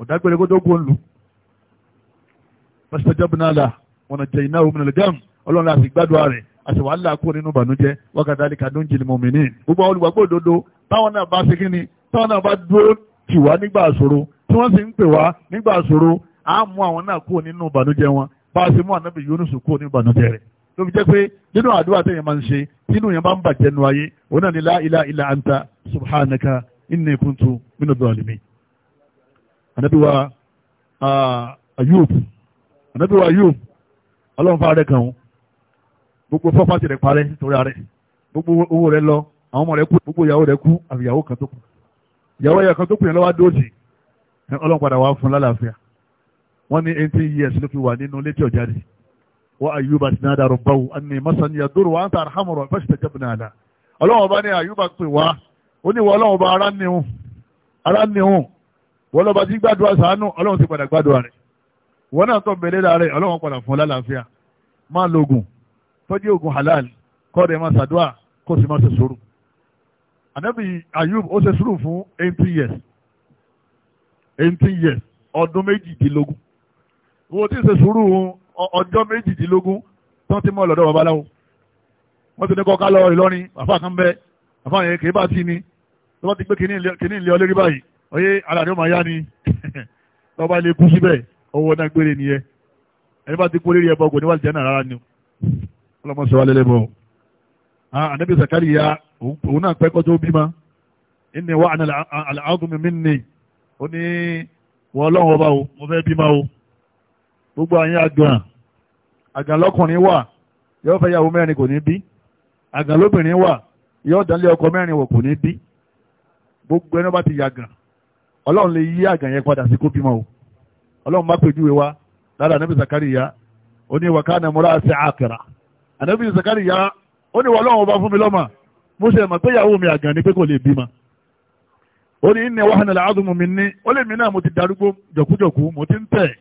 ọ̀dágbére kó tó kó lù fastajabna lahu wa najjaynahu minal gham ọlọ́run àti gbádùn rẹ̀ àti wàhálà kúrò nínú ìbànújẹ́ wákàtí kadún jìnnì mọ̀mìnì gbogbo àwọn olùgbàgbọ́ òdodo táwọn náà bá ṣe kí ni táwọn náà bá dúró tì wá nígbà àṣòro tí wọ́n sì ń pè wá nígbà àṣòro á mú àwọn náà kúrò nínú ìbànújẹ́ wọn bá a ṣe mú ànábì Yunus kúrò nínú ìbànújẹ́ rẹ̀ ló fi jẹ́ pé nínú àdúrà tẹ̀yìn máa ń ṣe nínú yẹn bá ń bàjẹ́ nu ayé òun náà ni la ilaha illa anta subhanaka inni kuntu min adh-dhalimin. ànábì wa Ayub ànábì wa gbogbo property rẹ̀ parẹ́ nítorí ààrẹ gbogbo owó rẹ̀ lọ àwọn ọmọ rẹ̀ kú gbogbo ìyàwó rẹ̀ kú àbí ìyàwó kan tó kù ìyàwó ẹ̀yà kan tó kù yẹn lọ́wọ́ dóòsì ọlọ́run padà wá fún lálàáfíà wọ́n ní eighteen years ló fi wà nínú létí ọ̀jáde wọ́n àyùbá ti náà dàrú báwo àní masaniya dòrò wà á ta àhámọ̀rọ̀ fẹ́sítẹ̀ jẹ́ bìnrin àlà ọlọ́run bá ní àyùbá pè wá ó ní wọ́n ọlọ́run bá tọ́jú oògùn halal kọ́ rẹ̀ máa ṣàdúrà kó sì máa ṣe sùúrù anabi ayub ó ṣe sùúrù fún eighteen years eighteen years ọdún méjìdínlógún wo ti ṣe sùúrù ọjọ́ méjìdínlógún tán ti mọ́ lọ́dọ̀ babaláwo wọ́n ti ní kọ́ ká lọ ìlọrin àfa kan bẹ́ẹ̀ àfa yẹn kì í bá tí ni tó bá ti gbé kínní ilé ọlẹ́rí báyìí oyè ara rẹ̀ máa yá ni lọ́ba ilé kú síbẹ̀ owó náà gbére nìyẹn ẹni bá ti kú lérí ẹbọ kò ní wà náà rárá ni ọlọ́mọ sọ bọ̀ lẹ́bọ̀ anabi zakariya na náà pẹ́ kọ́tọ́ bímọ ẹni wà ní aláàgùnmi mi nì ó ní wọ́n ọlọ́run ọba o mo fẹ́ o gbogbo àyín àgàn àgàn lọ́kùnrin wà yóò fẹ́ yàwó mẹ́rin kò ní bí àgàn lóbìnrin wà yóò dánlé ọkọ mẹ́rin wò kò ní bí gbogbo ẹni bá ti yàgàn ọlọ́run lè yí àgàn yẹn padà sí kó o ọlọ́run má pèjúwe wa lára anabi ànábì zakariya ó ní wọ́n lọ́wọ́ ọba fún mi lọ́mọ mo ṣe mọ̀ pé ìyàwó mi àgàn ni pé kò lè bímọ ó ní ní wàhánà làádùn mi ní ó lè mí náà mo ti darúgbó jọ̀kújọ̀kú mo ti ń tẹ̀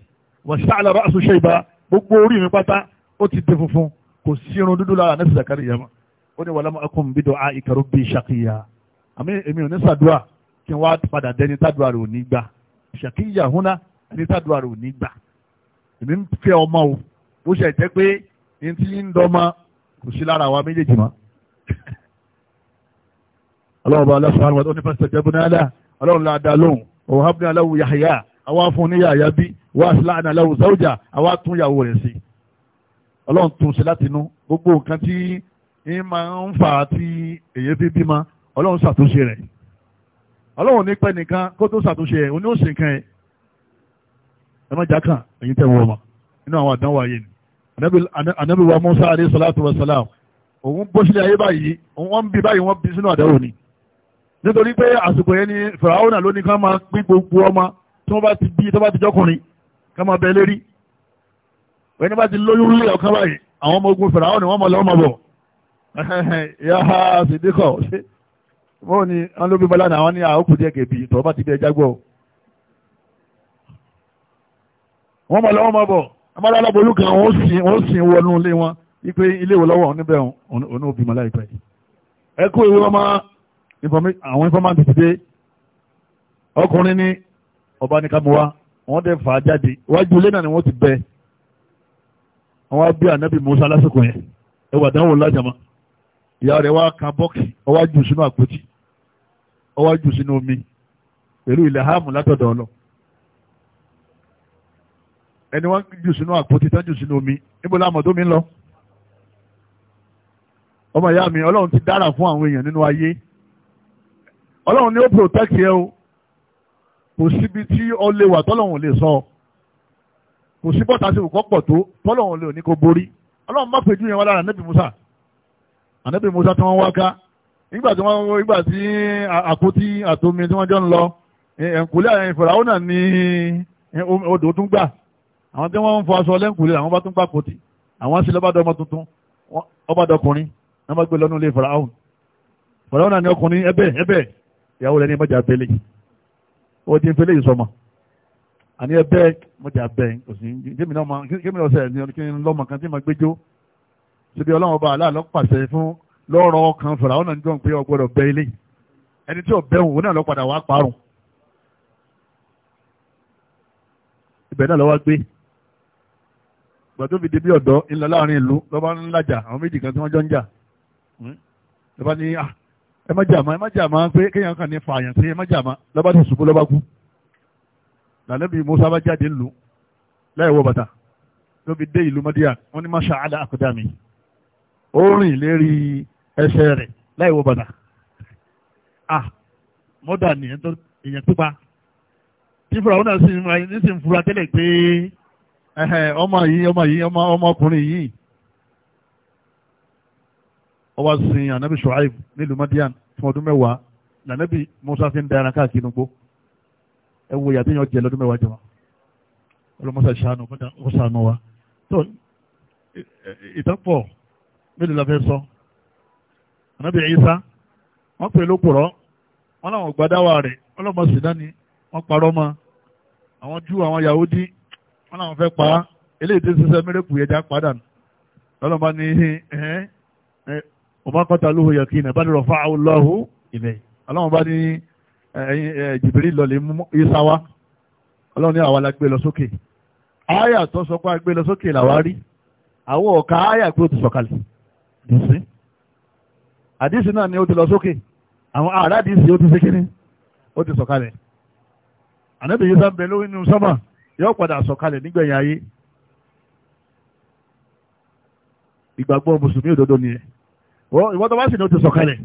wọ́n ṣáà lára àṣùṣe ìbá gbogbo orí mi pátá ó ti dé funfun kò sí irun dúdú lára ànábì zakariya mọ́ ó ní wàlámù akọ̀mù bí dọ̀á ìkàrọ̀ bí ṣàkíyà àmì èmi ò ní sàdúà kí n wá padà dẹni ní gbà ní tí ń dọ́mọ kò sí lára àwa méjèèjì mọ́ ọlọ́run bá aláṣọ àwọn ọdún nípasẹ̀ tẹ́bùnà dá ọlọ́run láàdá lóhùn òun hábùnà aláwù yàhàyà àwa fún ní yàhàyà bí wà síláàdá aláwù sáwùjà àwa tún yàwó rẹ̀ sí ọlọ́run tún sí látinú gbogbo nǹkan tí ń máa ń fà á tí èyí fi bímọ ọlọ́run ṣàtúnṣe rẹ̀ ọlọ́run ní pẹ́ nìkan kó tó ṣàtúnṣe ẹ̀ òní ó sì kàn ẹ̀ ẹ má jà kàn ẹ̀yin tẹ̀ wọ́n mọ̀ nínú àwọn àdánwò ayé ni anabi wa musa alayhi salatu wa salam òun bó sílẹ̀ ayé báyìí wọ́n ń bí báyìí wọ́n bí sínú àdáwò ni nítorí pé àsìkò yẹn ni fìràwọ́nà ló ní ká máa pín gbogbo ọmọ tí wọ́n bá ti bí tó bá ti jọkùnrin ká máa bẹ lérí ẹni bá ti lóyún lé ọ̀kan báyìí àwọn ọmọ ogun fìràwọ́nà wọ́n mọ̀ lọ́wọ́ mọ̀ bọ̀ ya ha sídìkọ̀ ṣe wọ́n ní wọ́n ló bí bọ́lá náà wọ́n ní àókù díẹ̀ kèbí tó bá ti bí ẹja gbọ́ wọ́n mọ̀ lọ́wọ́ bọ̀ abala aláboyún kan wọ́n sìn wọ́n sìn wọnú ilé wọn wípé ilé ìwọ lọ́wọ́ níbẹ̀ òun òbí mọ́lá ìpẹ́ ẹ kó ìwé ọmọ àwọn informant ti dé ọkùnrin ní ọba ní kámuwa wọ́n dẹ̀ fà á jáde wájú ilé náà ni wọ́n ti bẹ wọ́n wá bí ànábì Musa lásìkò yẹn ẹ wà dánwò lájàmá ìyá rẹ̀ wá kan bọ́ọ̀kì ọwájú sínú àpótí ọwájú sínú omi pẹ̀lú ilẹ̀ háàmù látọ̀dọ̀ ọlọ́ọ̀ ẹni wọ́n jù sínú àpótí tán jù sínú omi níbo láàmọ̀ tó mi ń lọ. ọmọ ìyá mi ọlọ́run ti dára fún àwọn èèyàn nínú ayé ọlọ́run ni ó protect yẹ o kò síbi tí ọ lè wà tọ́lọ́run lè sọ kò sí bọ́ta sí òkọ́ pọ̀ tó tọ́lọ́run lè ní kó borí ọlọ́run má pèjú yẹn wá lára ànábì Musa ànábì Musa tí wọ́n wá ká nígbà tí wọ́n nígbà tí àpótí àtomi tí wọ́n jọ ń lọ ẹ̀ǹkúlẹ̀ Fáráò náà ní odò tún gbà àwọn tí wọ́n ń fọ aṣọ lẹ́ǹkùlé àwọn bá tún gbà pòtì àwọn sì lọ́bàdọ̀ ọmọ tuntun ọbàdọkùnrin náà bá gbé lọ́nà ilé faraahùn faraahùn náà ni ọkùnrin ẹbẹ̀ ẹbẹ̀ ìyàwó rẹ̀ ní mọ́jà abẹ́lé ó ti ń fẹ́lẹ́ ìsọmọ àní ẹbẹ̀ mọ́jà abẹ́ kémi ọ̀sẹ̀ ni kí n lọ́mọ kan tí ma gbẹjọ́ síbi ọlọ́run ọba aláàlọ́ pàṣẹ fún lọ́rọ̀ kan faraahùn náà jọ pé ọgbọ́dọ̀ bẹ́ ilé ẹni tí ò bẹ́hùn òun náà lọ padà wá parun ibẹ̀ náà lọ wá gbé gbà tó fi débi ọ̀dọ́ ńlọ láàrin ìlú lọ́ba ń lajà àwọn méjì kan tí wọ́n jọ ń jà hmm? lọ́ba ní ah, ẹ má jà má ẹ má jà má pé kéèyàn kàn ní fààyàn sí ẹ má jà má lọ́ba ti ṣubú lọ́ba kú lànàbí Musa bá jáde ńlu láì wọ bàtà tó fi dé ìlú Madian wọ́n ní masha ala akadami ó rìn lérí ẹsẹ̀ rẹ̀ láì bàtà ah mọ́dà nìyẹn tó èèyàn pípa tí fúra wọn náà sì ń fura tẹ́lẹ̀ pé. ọmọ yìí ọmọ yìí ọmọ ọmọkùnrin yìí ó wá sin ànábì Shuaib nílùú Madian fún ọdún mẹ́wàá lànàbì Musa fi ń da káàkiri nugbó ẹ wo yàtí yàn jẹ lọ́dún mẹ́wàá ọlọmọsà ṣàánú ó ṣàánú wa tó ìtọ́pọ̀ mélòó la fẹ́ sọ Isa Yahudi wọn làwọn fẹ́ pa eléyìí tí sísẹ́ mẹ́rẹ́kù yẹn já padà lọ́nà bá ní ọmọ akọ́ta lóhùn yẹ kí nàbàdì rọ̀ fáwọn ọlọ́hùn ilẹ̀ ọlọ́run bá ní jìbìrì lọ́lẹ̀ isa wa ọlọ́run ní àwa la gbé lọ sókè àyà tó sọ pé a gbé lọ sókè làwa rí àwọn ọ̀ka àyà pé ó ti sọ̀kalẹ̀ dùsí àdìsí náà ni ó ti lọ sókè àwọn àràdìsí ó ti sékéré ó ti sọ̀kalẹ̀ ànábìyí sábẹ́ lórí nínú sọ́mà yóò padà sọ̀kalẹ̀ nígbẹ̀yìn ayé ìgbàgbọ́ mùsùlùmí òdodo nìyẹn ìwọ́n tó bá sì ní ó ti sọ̀kalẹ̀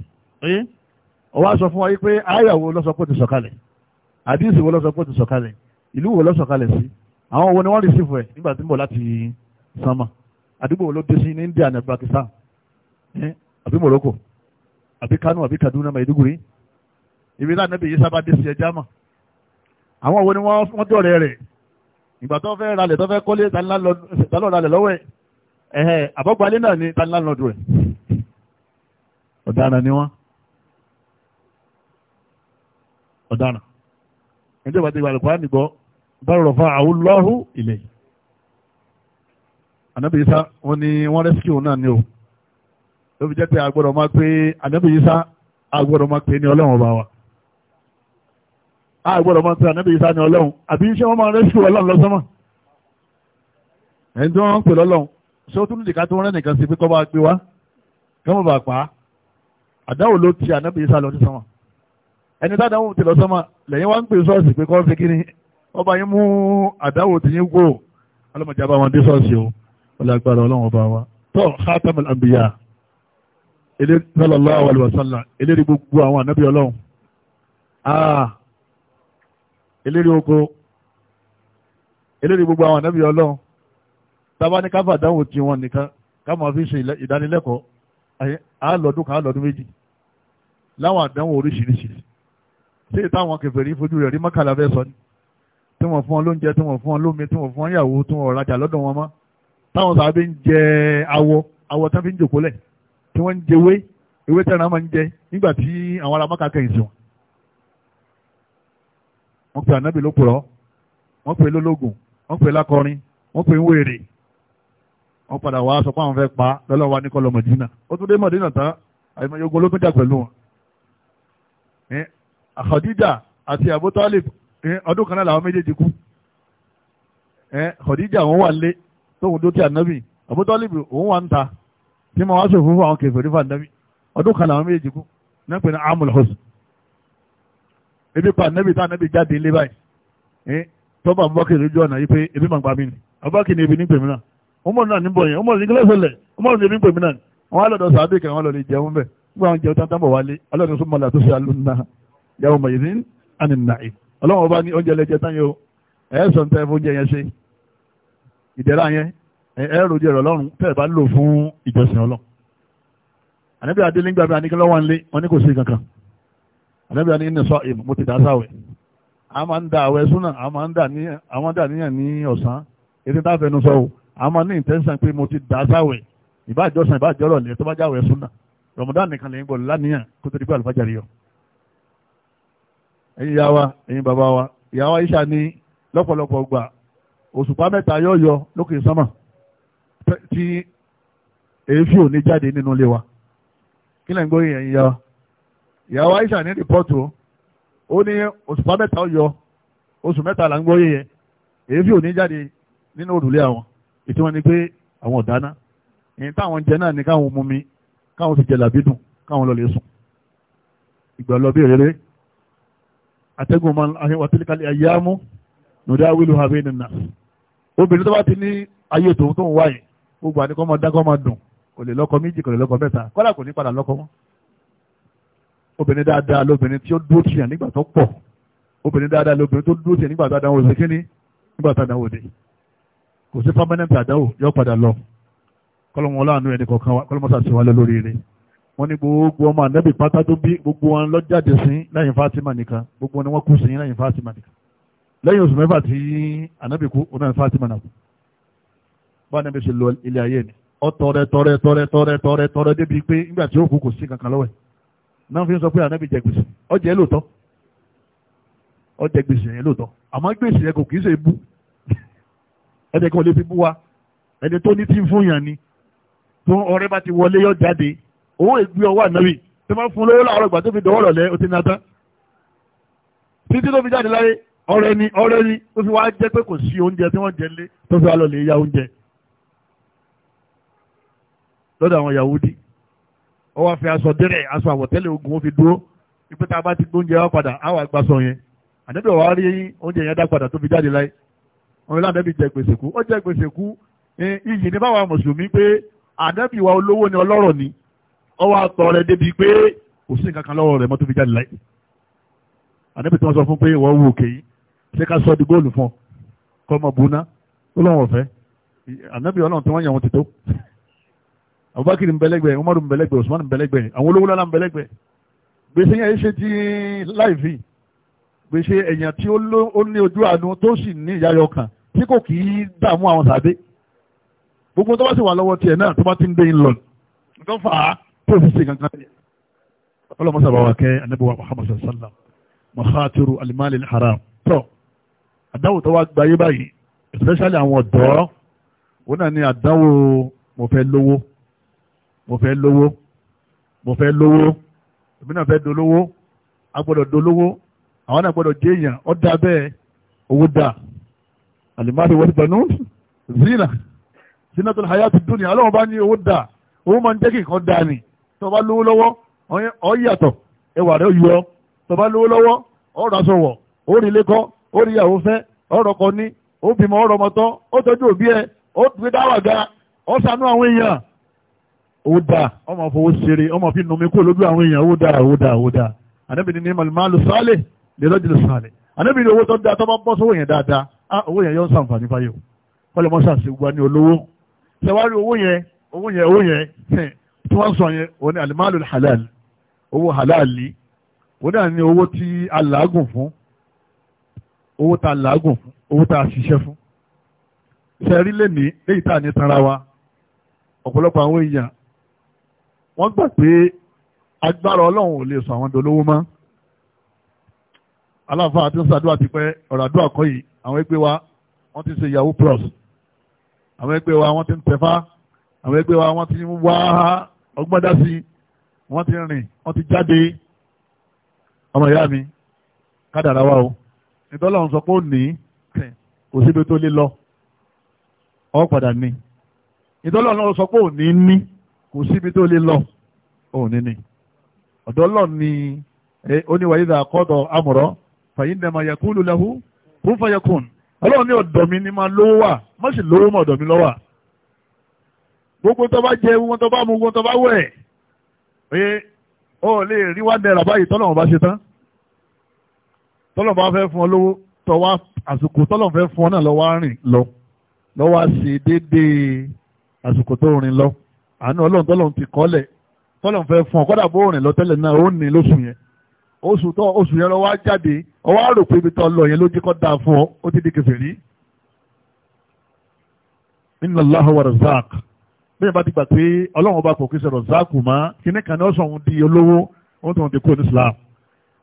ó wá sọ fún wa pé àyà wo ló sọ pé ó ti sọ̀kalẹ̀ àdíìsì wo ló sọ pé ó ti sọ̀kalẹ̀ ìlú wo ló sọ̀kalẹ̀ sí àwọn wo ni wọ́n rìsífù ẹ̀ nígbà tí ń bọ̀ láti sánmà àdúgbò wo ló dé sí ní India ní Pakistan àbí Morocco àbí Kano àbí Kaduna Maiduguri ibi láti nẹ́bí yìí sábà dé sí ẹja ìgbà tó fẹ́ ralẹ̀ tó fẹ́ kọ́lé tàlọ́ ralẹ̀ lọ́wọ́ ẹ̀ ẹ̀hẹ́ àbọ́gbálé náà ni tàlọ́lọ́dù rẹ̀ ọ̀daràn ni wọ́n ọ̀daràn ẹni tó bá ti gbàlùkù á nìgbọ́ bá rọ̀ fa àwọn lọ́rù ilẹ̀ ànábì Isa wọn ni wọ́n rẹ́síkìú náà ni o ló fi jẹ́ pé agbọ́dọ̀ máa pé ànábì agbọ́dọ̀ máa pé ní ọlọ́run ọba wa a gbọ́dọ̀ máa ń pè ànábì Ìsá ní ọlọ́run àbí iṣẹ́ wọn máa ń rẹ́sùn ọlọ́run lọ́sọ́mọ̀ ẹni tí wọ́n ń pè lọ́lọ́run ṣé ó tún nídìí ká tó ń rẹ́ nìkan sí pé kọ́ bá gbé wá kí wọ́n bá pa á àdáwò ló ti ànábì Ìsá lọ sí sọ́mọ̀ ẹni tá àdáwò ti lọ sọ́mọ̀ lẹ́yìn wá ń pè sọ́ọ̀sì pé kọ́ fi kí ni wọ́n bá yín mú àdáwò ti yín kó ọlọ́mọdé bá wọn dé sọ́ọ̀sì o ọlọ́gbàrá ọlọ́run ọba wa tó khatamul anbiya ilé sallallahu alaihi wasallam ilé gbogbo àwọn ànábì ọlọ́run ah, eléré oko eléré gbogbo àwọn ànábì ọlọ́run tábà ní káfà dáhùn tí wọn nìkan káwọn fi ṣe ìdánilẹ́kọ̀ọ́ àlọ́dún kan àlọ́dún méjì láwọn àdánwò oríṣiríṣi ṣé táwọn kèfèrí fojú rẹ̀ rí mọ́kànlá fẹ́ sọ ni tí wọ́n fún ọ lóúnjẹ tí wọ́n fún ọ lómi tí wọ́n fún ọ yàwó tí wọ́n rajà lọ́dọ̀ wọn mọ́ táwọn sàbí ń jẹ awọ awọ tán fi ń jòkó lẹ̀ tí wọ́n ń jẹ ewé ewé tẹ́ran máa ń jẹ nígbà tí àwọn ará kẹ́yìn sí wọn wọ́n pe ànábì ló purọ́ wọ́n pe lólógùn wọ́n pe lákọrin wọ́n pe wèrè wọ́n padà wá sọ pé àwọn fẹ́ pa lọ́lọ́wọ́ ní kọlọ mọ̀dínà ó tún dé mọ̀dínà tán àyèmọ̀yé ogun ológun jà pẹ̀lú wọn. Khadija àti Abu Talib ọdún kan náà làwọn méjèèjì kú Khadija òun wà lé tóun dókè ànábì Abu òun wà ń ta tí mo wá sòfin fún àwọn kèfèrí fún ànábì ọdún kan làwọn méjèèjì kú náà pè ní ebi pa nẹ́bi tá nẹ́bi jáde ilé báyìí tọ́ba abubakar lójú ọ̀nà yìí pé ebi máa gbà mí ni abubakar ni ebi ní pèmí náà ọmọ náà níbọ̀ yẹn ọmọ nígbà sọlẹ̀ ọmọ ní ebi ní pèmí náà wọn alọ́dọ̀ sàbẹ̀ kẹ́ wọn lọ́ọ́ lè jẹun bẹ́ẹ̀ nígbà wọn jẹun tán bọ̀ wálé alọ́dún sọ mọ́lá tó ṣe alùnà yàwó mọ̀yìdín àni nàì ọlọ́wọ́n bá ní oúnjẹ lẹ́jẹ tán yóò ẹ̀ sọ̀ tẹ́ oúnjẹ yẹn ṣe ìdẹ́ra yẹn ẹ̀ rojú ẹ̀rọ lọ́rùn tẹ́ ẹ̀ bá lò fún ìjọsìn ọlọ́ àníbi adé nígbà bí anikẹ́lọ́wọ́ ń lé wọn ní kò sí kankan ànábì ní ní sọ ìmọ̀ mo ti dá sáwẹ̀ a máa ń da àwẹ̀ súnà a máa ń dà níyàn ní ọ̀sán ètò tá a fẹnu sọ o a máa ní intention pé mo ti dá sáwẹ̀ ìbájọ́sán ìbájọ́rọ̀ lè tó bá jáwẹ̀ súnà Ramadan nìkan lè ń gbọ́dọ̀ lánìyàn kó tó di pé àlùfájà rí yọ. ẹ̀yin ìyá wa ẹ̀yin wa ìyá wa Aisha ní lọ́pọ̀lọpọ̀ òṣùpá mẹ́ta yóò yọ lókè sánmà tí èéfì ò jáde nínú ilé wa kí lẹ́yìn gbóyè ẹ̀yin ìyá ìyàwó Aisha ní rìpọ́tù ó ní òṣùpá mẹ́ta ó yọ oṣù mẹ́ta là ń gbọ́ yẹn èéfì ò ní jáde nínú òrùlé àwọn ètò wọn ni pé àwọn ọ̀dáná ìyẹn táwọn jẹ náà ni káwọn mú mi káwọn sì jẹ làbídùn káwọn lọ lè sùn ìgbà lọ bí rere atẹ́gùn máa ń ahẹ́ wà ayé ámú nùdá wílù ha bẹ́ẹ̀ nìyà obìnrin tó bá ti ní ayé tòun tó wáyé gbogbo àníkọ́ máa dá kọ́ dùn kò lè lọ́kọ méjì kò lè lọ́kọ mẹ́ta kọ́lá kò ní padà lọ́kọ mọ́ obìnrin dáadáa lóbìnrin tí ó dúró tìyàn nígbà tó pọ̀ obìnrin dáadáa lóbìnrin tó dúró tìyàn nígbà tó àdánwò ṣe kíní nígbà tó àdánwò dé kò sí permanent àdánwò yóò padà lọ kọlọ́mọ láàánú ẹni kọ̀ọ̀kan wa kọlọ́mọ sàṣẹ wa lọ lórí rẹ̀ wọ́n ní gbogbo ọmọ ànábì pátá tó bí gbogbo wọn lọ jáde sí lẹ́yìn Fatima nìkan gbogbo wọn ni wọ́n kú sí lẹ́yìn Fatima nìkan lẹ́yìn oṣù mẹ́fà tí ànábì kú ọ̀nà ní Fatima nà kú bá ànábì ṣe lọ ilé ayé ni ọ tọrẹ tọrẹ tọrẹ tọrẹ tọrẹ tọrẹ débi pé nígbà tí ó kú kò sí kankan lọ́wọ́ ẹ̀ náà fi ń sọ pé ànábì jẹ gbèsè ọjẹ́ lóòótọ́ ọjẹ́ gbèsè yẹn lóòótọ́ àmọ́ gbèsè yẹn kò kì í ṣe bú ẹni kan lè fi bú wa ẹni tó ní tí ń fún yàn ni tó ọrẹ bá ti wọlé yọ jáde owó ìgbé ọwọ́ ànábì tó máa ń fún lówó láàárọ̀ ìgbà tó fi dọ̀wọ́ rọ̀lẹ́ ó ti nàdá títí tó fi jáde láyé ọrẹ ni ọrẹ ni ó fi wá jẹ́ pé kò sí oúnjẹ tí wọ́n jẹ lé tó fi wá lọ ya oúnjẹ lọ́dọ̀ àwọn Yahudi ó wá fi aṣọ dẹ́rẹ̀ aṣọ àwọ̀tẹ́lẹ̀ ogun ó fi dúró ipe tá a bá ti gbóúnjẹ wá padà á wà gbàsọ yẹn ànábì wa rí oúnjẹ yẹn dá padà tó fi jáde láyé òun lànàbì jẹ gbèsè kú ó jẹ gbèsè kú iyì ní báwa mùsùlùmí pé ànábì wa olówó ni ọlọ́rọ̀ ni ọwọ́ àtọ̀ rẹ̀ débi pé kò sí nǹkan kan lọ́wọ́ rẹ̀ mọ́ tó fi jáde láyé ànábì tí wọ́n sọ fún pé ìwọ wù òkè yìí ṣé ká sọ di góòlù fún ọ kọ́ ọmọ bùnà ó lọ́wọ́ ọ̀fẹ́ ànábì ọlọ́run tí wọ́n yàn wọn ti tó abubakar nbẹlẹgbẹ umaru nbẹlẹgbẹ usman nbẹlẹgbẹ àwọn olówó lọ́la nbẹlẹgbẹ gbèsè yẹn ṣe ti láìfi gbèsè èèyàn tí ó ní ojú àánú tó sì ní ìyáyọ kan tí kò kì í dààmú àwọn sàdé gbogbo tó bá sì wà lọ́wọ́ tiẹ̀ náà tó bá ti ń dé ńlọ nǹkan fà á tó fi ṣe kankan ọlọ́mọsà bá wà kẹ́ anábíwá muhammad sallam mahatiru alimali haram tọ́ àdáwò tó wá gbayé báyìí especially àwọn ọ̀dọ́ mo fẹ́ lówó mo fẹ́ lówó èmi náà fẹ́ dolówó a dolówó àwọn náà gbọ́dọ̀ jẹ́ èèyàn ó dá bẹ́ẹ̀ owó alimari wọ́n ti zina zina tó ti bá ní owó owó máa ń jẹ́ kí nǹkan ni tó bá lówó lọ́wọ́ ọ yàtọ̀ ẹwà yọ tó bá lówó lọ́wọ́ ọ rà sọ̀wọ̀ ó rí ilé kọ́ ó rí ìyàwó fẹ́ ó dáa ọmọ fowó ṣeré ọmọ fi numi kó lójú àwọn èèyàn ó dáa ó dáa ó dáa ànábì ní màlúmálù sálẹ̀ lérọ́jìlẹ̀ sálẹ̀ ànábì ní owó tó dáa tó bá bọ́ sówó yẹn dáadáa á owó yẹn yọ ń sàǹfààní báyò wọ́n lè mọ́ sàṣì gba ní olówó ṣẹwárí owó yẹn owó yẹn owó yẹn tí wọ́n sọ yẹn òun ni alimalu halal owó halali òun náà ọ̀pọ̀lọpọ̀ àwọn èèyàn wọ́n gbà pé agbára ọlọ́run ò lè sọ àwọn dolówó mọ́ aláfáà àti sàdúrà ti pẹ́ ọ̀rọ̀ àdúrà kọ́ yìí àwọn ẹgbẹ́ wa wọ́n ti ṣe yahoo plus àwọn ẹgbẹ́ wa wọ́n ti ń tẹ̀fá àwọn ẹgbẹ́ wa wọ́n ti ń wá ọgbọ́n dá sí wọ́n ti rìn wọ́n ti jáde ọmọ ìyá mi kádàrá wa o nítorí ọ̀hún sọ pé ó ní kò síbi tó lé lọ ọ̀ padà ní nítorí ọ̀hún sọ pé ò ní ní kò síbi tó lè lọ òun níní ọ̀dọ̀ ọlọ́run ni oníwàyí dà kọ́dọ̀ amọ̀rọ̀ fàyíndàmà yakulu lahu kún fàyakùn ọlọ́run ní ọ̀dọ̀ mi ni máa lówó wà má sì lówó mọ́ ọ̀dọ̀ mi lọ́wà gbogbo tó bá jẹ wọn tó bá mu wọn tó bá wẹ̀ pé ó lè rí wá dẹ̀rà báyìí tọ́lọ́run bá ṣe tán tọ́lọ́run bá fẹ́ fún ọ lówó tọ́ wá àsìkò tọ́lọ́run fẹ́ fún ọ náà lọ́wọ́ á lọ lọ́wọ́ á déédéé àsìkò tó rìn lọ àánú ọlọ́run tọ́lọ́run ti kọ́lẹ̀ tọ́lọ́run fẹ́ fún ọ kọ́dà bó rìn lọ tẹ́lẹ̀ náà ó ní lóṣù yẹn oṣù tó oṣù yẹn lọ́wọ́ á jáde ọwọ́ á rò pé ibi tó lọ yẹn ló jí kọ́ dáa fún ọ ó ti di kèfèrí. inna Allaha wa razaq bẹ́ẹ̀ bá ti gbà pé ọlọ́run ọba kò kí ṣe razaq mọ́ kíní kan ní ọ̀sán òun di olówó òun tó ń di ní Islam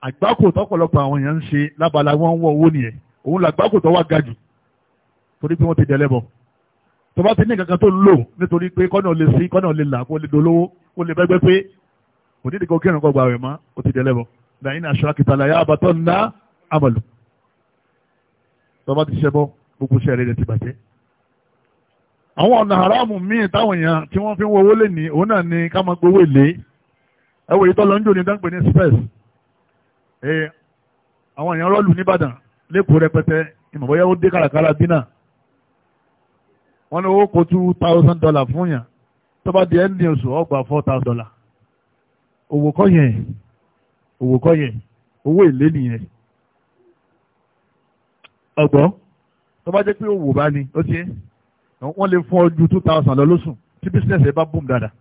àgbákò tọ́pọ̀lọpọ̀ tó bá ti ní kankan tó ń lò nítorí pé kọ́nà lè sí kọ́nà lè là kó lè dolówó kó lè bẹ́gbẹ́ pé kò ní ìdíkọ̀ kírun kọ́ gba rẹ̀ mọ́ ó ti dẹ̀lẹ́bọ̀ lẹ́yìn aṣọ akitala yá abatọ́ ńlá amalu tó bá ti ṣẹbọ gbogbo iṣẹ́ rẹ̀ ti bàjẹ́. àwọn ọ̀nà haramu míì táwọn èèyàn tí wọ́n fi ń wọwọ́ lè ní òun náà ni ká máa gbowó èlé ẹ wòye tó lọ ń jò ní dáńpẹ́ ní space àwọn èèyàn rọ́ọ̀lù nìbàdàn lẹ́kọ̀ọ́ rẹpẹtẹ ìmọ̀bọ́yá ó dé kàràkàrà bí náà wọ́n ní owó kó two thousand dollar fún yàn tó bá di ẹni oṣù ọgbà four thousand dollar owó kọ́ yẹn owó kọ́ yẹn owó èlé nìyẹn ọgbọ́n tó bá jẹ́ pé owó bá ní ó ti ẹ́ wọ́n lè fún ọ ju two thousand lọ lóṣù tí business ẹ bá boom dáadáa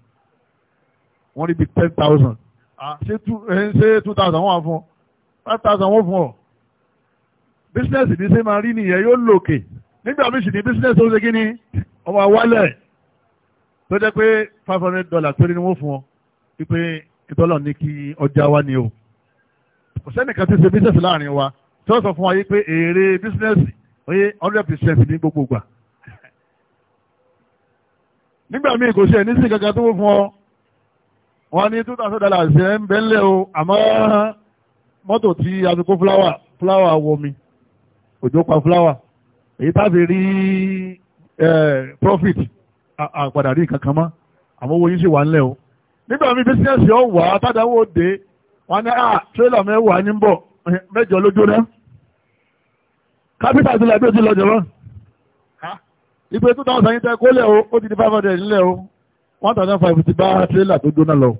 wọ́n rí bí ten thousand ṣé two ṣé two thousand wọ́n wà fún ọ five thousand wọ́n fún ọ business ní ṣe máa rí nìyẹn yóò lòkè nígbà míì sì ní bísínẹ́sì ó ṣe kí ni ọmọ àwálẹ̀ tó jẹ́ pé five hundred dollar péré ni wọ́n fún ọ wípé ìtọ́lọ̀ ní kí ọjà wa ni o kò sẹ́nìkan tí ń ṣe bísínẹ́sì láàrin wa tí wọ́n sọ fún wa yìí pé èrè bísínẹ́sì ó yé hundred percent ní gbogbo gbà nígbà míì kò ṣe ní sí kankan tó fún ọ wọ́n ní two thousand dollars ẹ̀ ń bẹ́ńlẹ̀ o àmọ́ mọ́tò tí a fi kó fúláwà fúláwà wọ mi òjò pa fúláwà èyí táfi rí profit àpàdà rí kankan mọ́ àmọ́ owó yín sì wà ńlẹ̀ o nígbà mi bísíǹsì ọ̀ wà á tàdáwó dé wọn ní à tírélà mẹ́wàá ní bọ̀ mẹ́jọ lójó náà kápítà ti làbí òtí lọ́jọ́ wọn ìgbé two thousand yìí tẹ́ kó lẹ̀ o ó ti di five hundred nílẹ̀ o one thousand five ti bá tírélà tó jóná lọ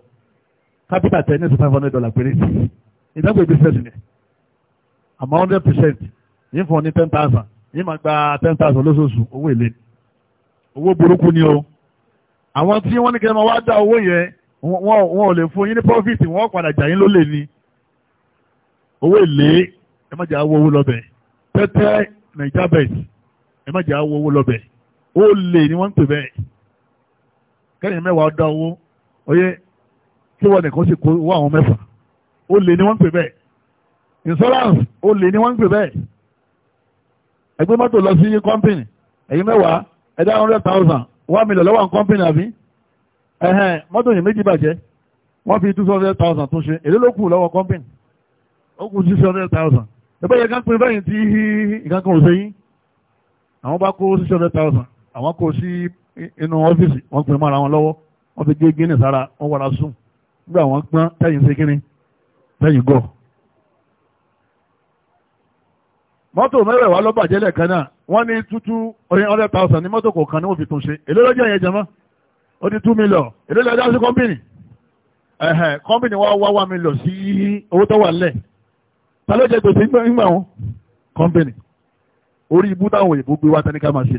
kápítà tẹ ní five hundred dollar péré ìdágbé bísíǹsì ni àmọ́ hundred percent yìí fún ọ ní ten thousand yìí máa gba ten thousand lóṣooṣù owó èlé owó burúkú ni o àwọn tí wọ́n ní kí ẹ máa wá dá owó yẹn wọn ò lè fún yín ní profit wọn padà jà yín lólè ni owó èlé ẹ má jà owó owó lọ́bẹ̀ tẹ́tẹ́ naija bet ẹ má jà owó owó lọ́bẹ̀ ó lè ni wọ́n ń pè bẹ́ẹ̀ kẹ́yìn mẹ́wàá dá owó oyè kí wọ́n nìkan sì kó owó àwọn mẹ́fà ó lè ni wọ́n ń pè bẹ́ẹ̀ insurance ó lè ni wọ́n ń pè bẹ́ẹ̀ ẹgbẹ́ mọ́tò lọ sí kọ́mpìnì ẹ̀yin mẹ́wàá ẹ̀dá hundred thousand one million lọ́wọ́ kọ́mpìnì àbí ẹ̀hẹ́n mọ́tò yìí méjì bàjẹ́ wọ́n fi two hundred thousand tún ṣe èlé ló kù lọ́wọ́ kọ́mpìnì ó kù six hundred thousand ẹgbẹ́ yẹn kan pin bẹ́yìn tí nǹkan kan ò ṣe yín àwọn bá kó six hundred thousand àwọn kó sí inú ọ́fíìsì wọ́n pin mọ́ra wọn lọ́wọ́ wọ́n fi gé gíní sára wọ́n wọra sùn nígbà wọ́n pọ́n tẹ́yìn ṣe kíní tẹ́yìn gọ́ọ̀ mọ́tò mẹ́rẹ̀wá ló bàjẹ́ lẹ́ẹ̀kan náà wọ́n ní tútú oyin hundred thousand ní mọ́tò kọ̀ọ̀kan ni wọ́n fi tún ṣe èló ló jẹ́ yẹn ó di two million èló ló dá sí kọ́mpìnì ẹ̀hẹ̀ kọ́mpìnì wa wá one million sí owó tó wà lẹ̀ ta ló jẹ gbèsè ńgbà wọn kọ́mpìnì orí ibú táwọn òyìnbó gbé wá tani ká máa ṣe